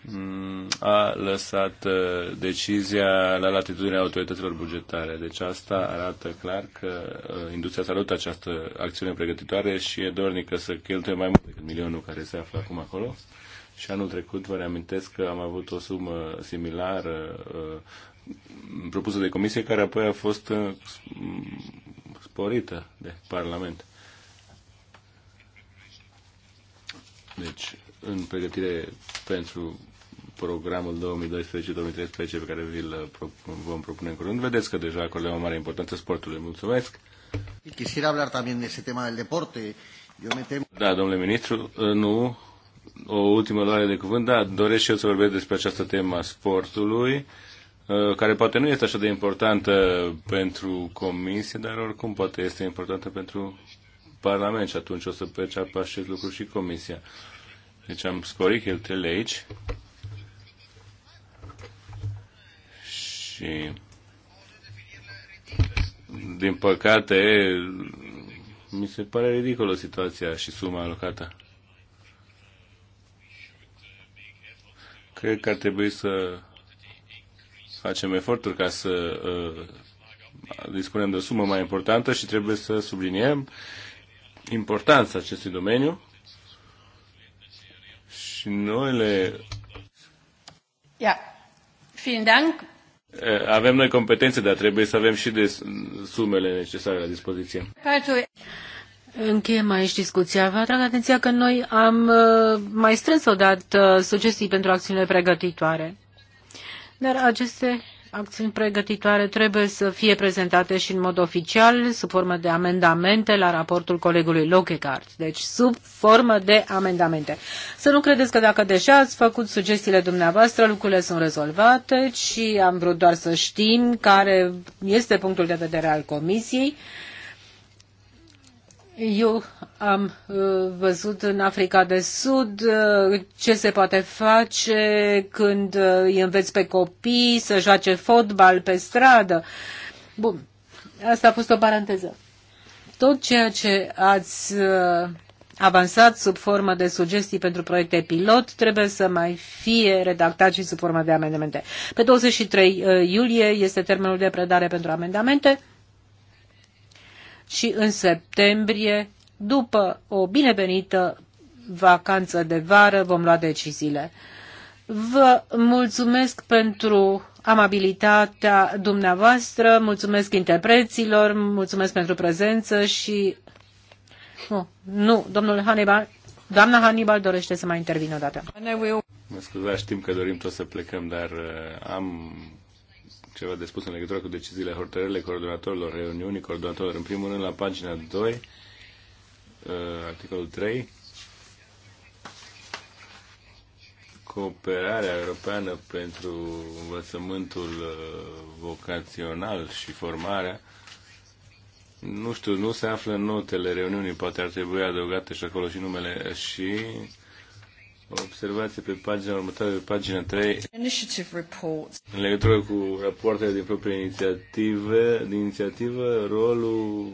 mm, a lăsat uh, decizia la latitudinea autorităților bugetare. Deci asta arată clar că uh, industria salută această acțiune pregătitoare și e dornică să cheltuie mai mult decât milionul care se află acum acolo. Și anul trecut vă reamintesc că am avut o sumă similară uh, propusă de comisie, care apoi a fost uh, sporită de Parlament. Deci, în pregătire pentru programul 2012-2013 pe care vi-l uh, vom propune în curând, vedeți că deja acordăm o mare importanță sportului. Mulțumesc! Quisiera hablar también de ese tema del deporte. Eu me tem... Da, domnule ministru, uh, nu. O ultimă luare de cuvânt, da, doresc și eu să vorbesc despre această temă a sportului Uh, care poate nu este așa de importantă pentru Comisie, dar oricum poate este importantă pentru Parlament și atunci o să perceapă acest lucru și Comisia. Deci am scorit cheltuielile aici și din păcate mi se pare ridicolă situația și suma alocată. Cred că ar trebui să facem eforturi ca să uh, dispunem de o sumă mai importantă și trebuie să subliniem importanța acestui domeniu și noile... Ja, Dank. Uh, avem noi competențe, dar trebuie să avem și de sumele necesare la dispoziție. Încheiem aici discuția. Vă atrag atenția că noi am uh, mai strâns odată sugestii pentru acțiunile pregătitoare. Dar aceste acțiuni pregătitoare trebuie să fie prezentate și în mod oficial, sub formă de amendamente la raportul colegului Lockhart. Deci sub formă de amendamente. Să nu credeți că dacă deja ați făcut sugestiile dumneavoastră, lucrurile sunt rezolvate și am vrut doar să știm care este punctul de vedere al Comisiei. Uh, eu am uh, văzut în Africa de Sud uh, ce se poate face când uh, îi înveți pe copii să joace fotbal pe stradă. Bun, asta a fost o paranteză. Tot ceea ce ați avansat sub formă de sugestii pentru proiecte pilot trebuie să mai fie redactat și sub formă de amendamente. Pe 23 iulie este termenul de predare pentru amendamente și în septembrie, după o binevenită vacanță de vară, vom lua deciziile. Vă mulțumesc pentru amabilitatea dumneavoastră, mulțumesc interpreților, mulțumesc pentru prezență și... Nu, oh, nu domnul Hannibal, doamna Hannibal dorește să mai intervină o dată. Mă scuzați, știm că dorim tot să plecăm, dar uh, am ceva de spus în legătură cu deciziile, hotărârile coordonatorilor, reuniunii coordonatorilor. În primul rând, la pagina 2, uh, articolul 3, cooperarea europeană pentru învățământul uh, vocațional și formarea, nu știu, nu se află în notele reuniunii, poate ar trebui adăugate și acolo și numele și observație pe pagina următoare, pe pagina 3, în legătură cu rapoartele din proprie inițiative, din inițiativă, rolul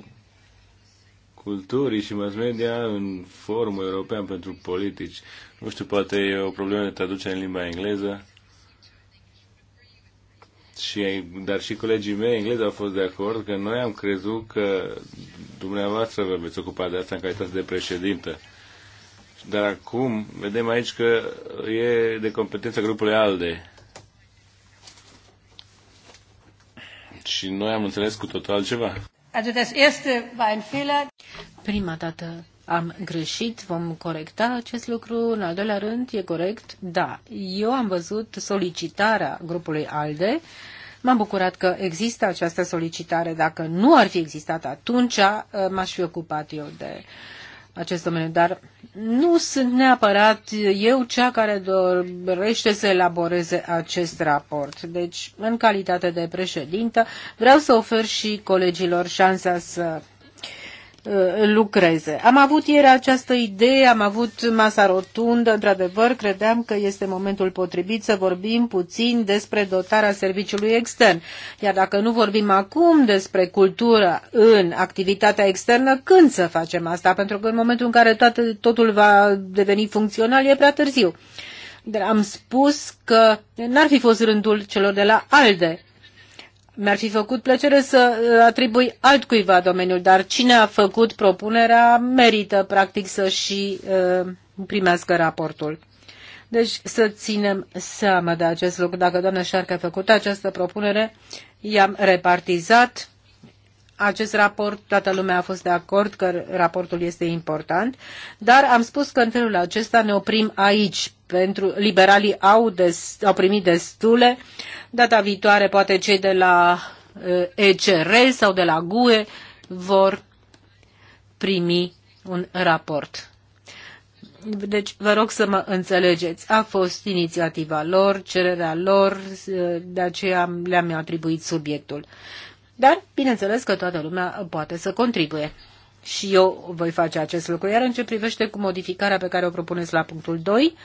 culturii și mass media în forumul european pentru politici. Nu știu, poate e o problemă de traducere în limba engleză. Și, dar și colegii mei englezi au fost de acord că noi am crezut că dumneavoastră vă veți ocupa de asta în calitate de președintă. Dar acum vedem aici că e de competența grupului ALDE. Și noi am înțeles cu totul altceva. Prima dată am greșit, vom corecta acest lucru. În al doilea rând, e corect? Da. Eu am văzut solicitarea grupului ALDE. M-am bucurat că există această solicitare. Dacă nu ar fi existat atunci, uh, m-aș fi ocupat eu de uh, acest domeniu, dar nu sunt neapărat eu cea care dorește să elaboreze acest raport. Deci, în calitate de președintă, vreau să ofer și colegilor șansa să Uh, lucreze. Am avut ieri această idee, am avut masa rotundă, într-adevăr, credeam că este momentul potrivit să vorbim puțin despre dotarea serviciului extern. Iar dacă nu vorbim acum despre cultură în activitatea externă, când să facem asta? Pentru că în momentul în care toate, totul va deveni funcțional, e prea târziu. Dar am spus că n-ar fi fost rândul celor de la ALDE mi-ar fi făcut plăcere să uh, atribui altcuiva domeniul, dar cine a făcut propunerea merită practic să și uh, primească raportul. Deci să ținem seama de acest lucru. Dacă doamna Șarcă a făcut această propunere, i-am repartizat acest raport, toată lumea a fost de acord că raportul este important, dar am spus că în felul acesta ne oprim aici, pentru liberalii au, des, au primit destule, data viitoare poate cei de la uh, eh, ECR sau de la GUE vor primi un raport. Deci vă rog să mă înțelegeți. A fost inițiativa lor, cererea lor, de aceea le-am atribuit subiectul. Dar, bineînțeles că toată lumea poate să contribuie. Și eu voi face acest lucru. Iar în ce privește cu modificarea pe care o propuneți la punctul 2,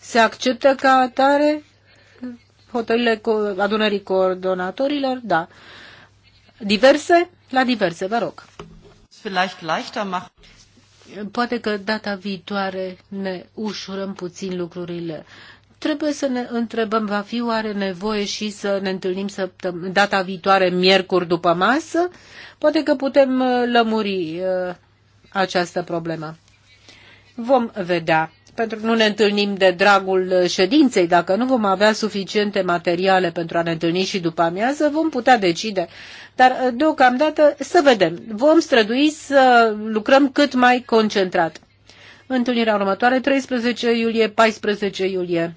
se acceptă ca atare hotările adunării coordonatorilor, da. Diverse? La diverse, vă rog. Poate că data viitoare ne ușurăm puțin lucrurile. Trebuie să ne întrebăm, va fi oare nevoie și să ne întâlnim data viitoare, miercuri după masă? Poate că putem uh, lămuri uh, această problemă. Vom vedea. Pentru că nu ne întâlnim de dragul uh, ședinței, dacă nu vom avea suficiente materiale pentru a ne întâlni și după amiază, vom putea decide. Dar deocamdată să vedem. Vom strădui să lucrăm cât mai concentrat. Întâlnirea următoare, 13 iulie, 14 iulie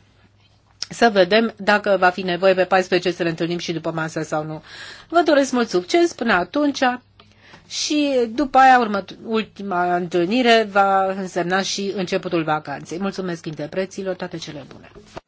să vedem dacă va fi nevoie pe 14 să ne întâlnim și după masă sau nu. Vă doresc mult succes până atunci și după aia urmă, ultima întâlnire va însemna și începutul vacanței. Mulțumesc interpreților, toate cele bune!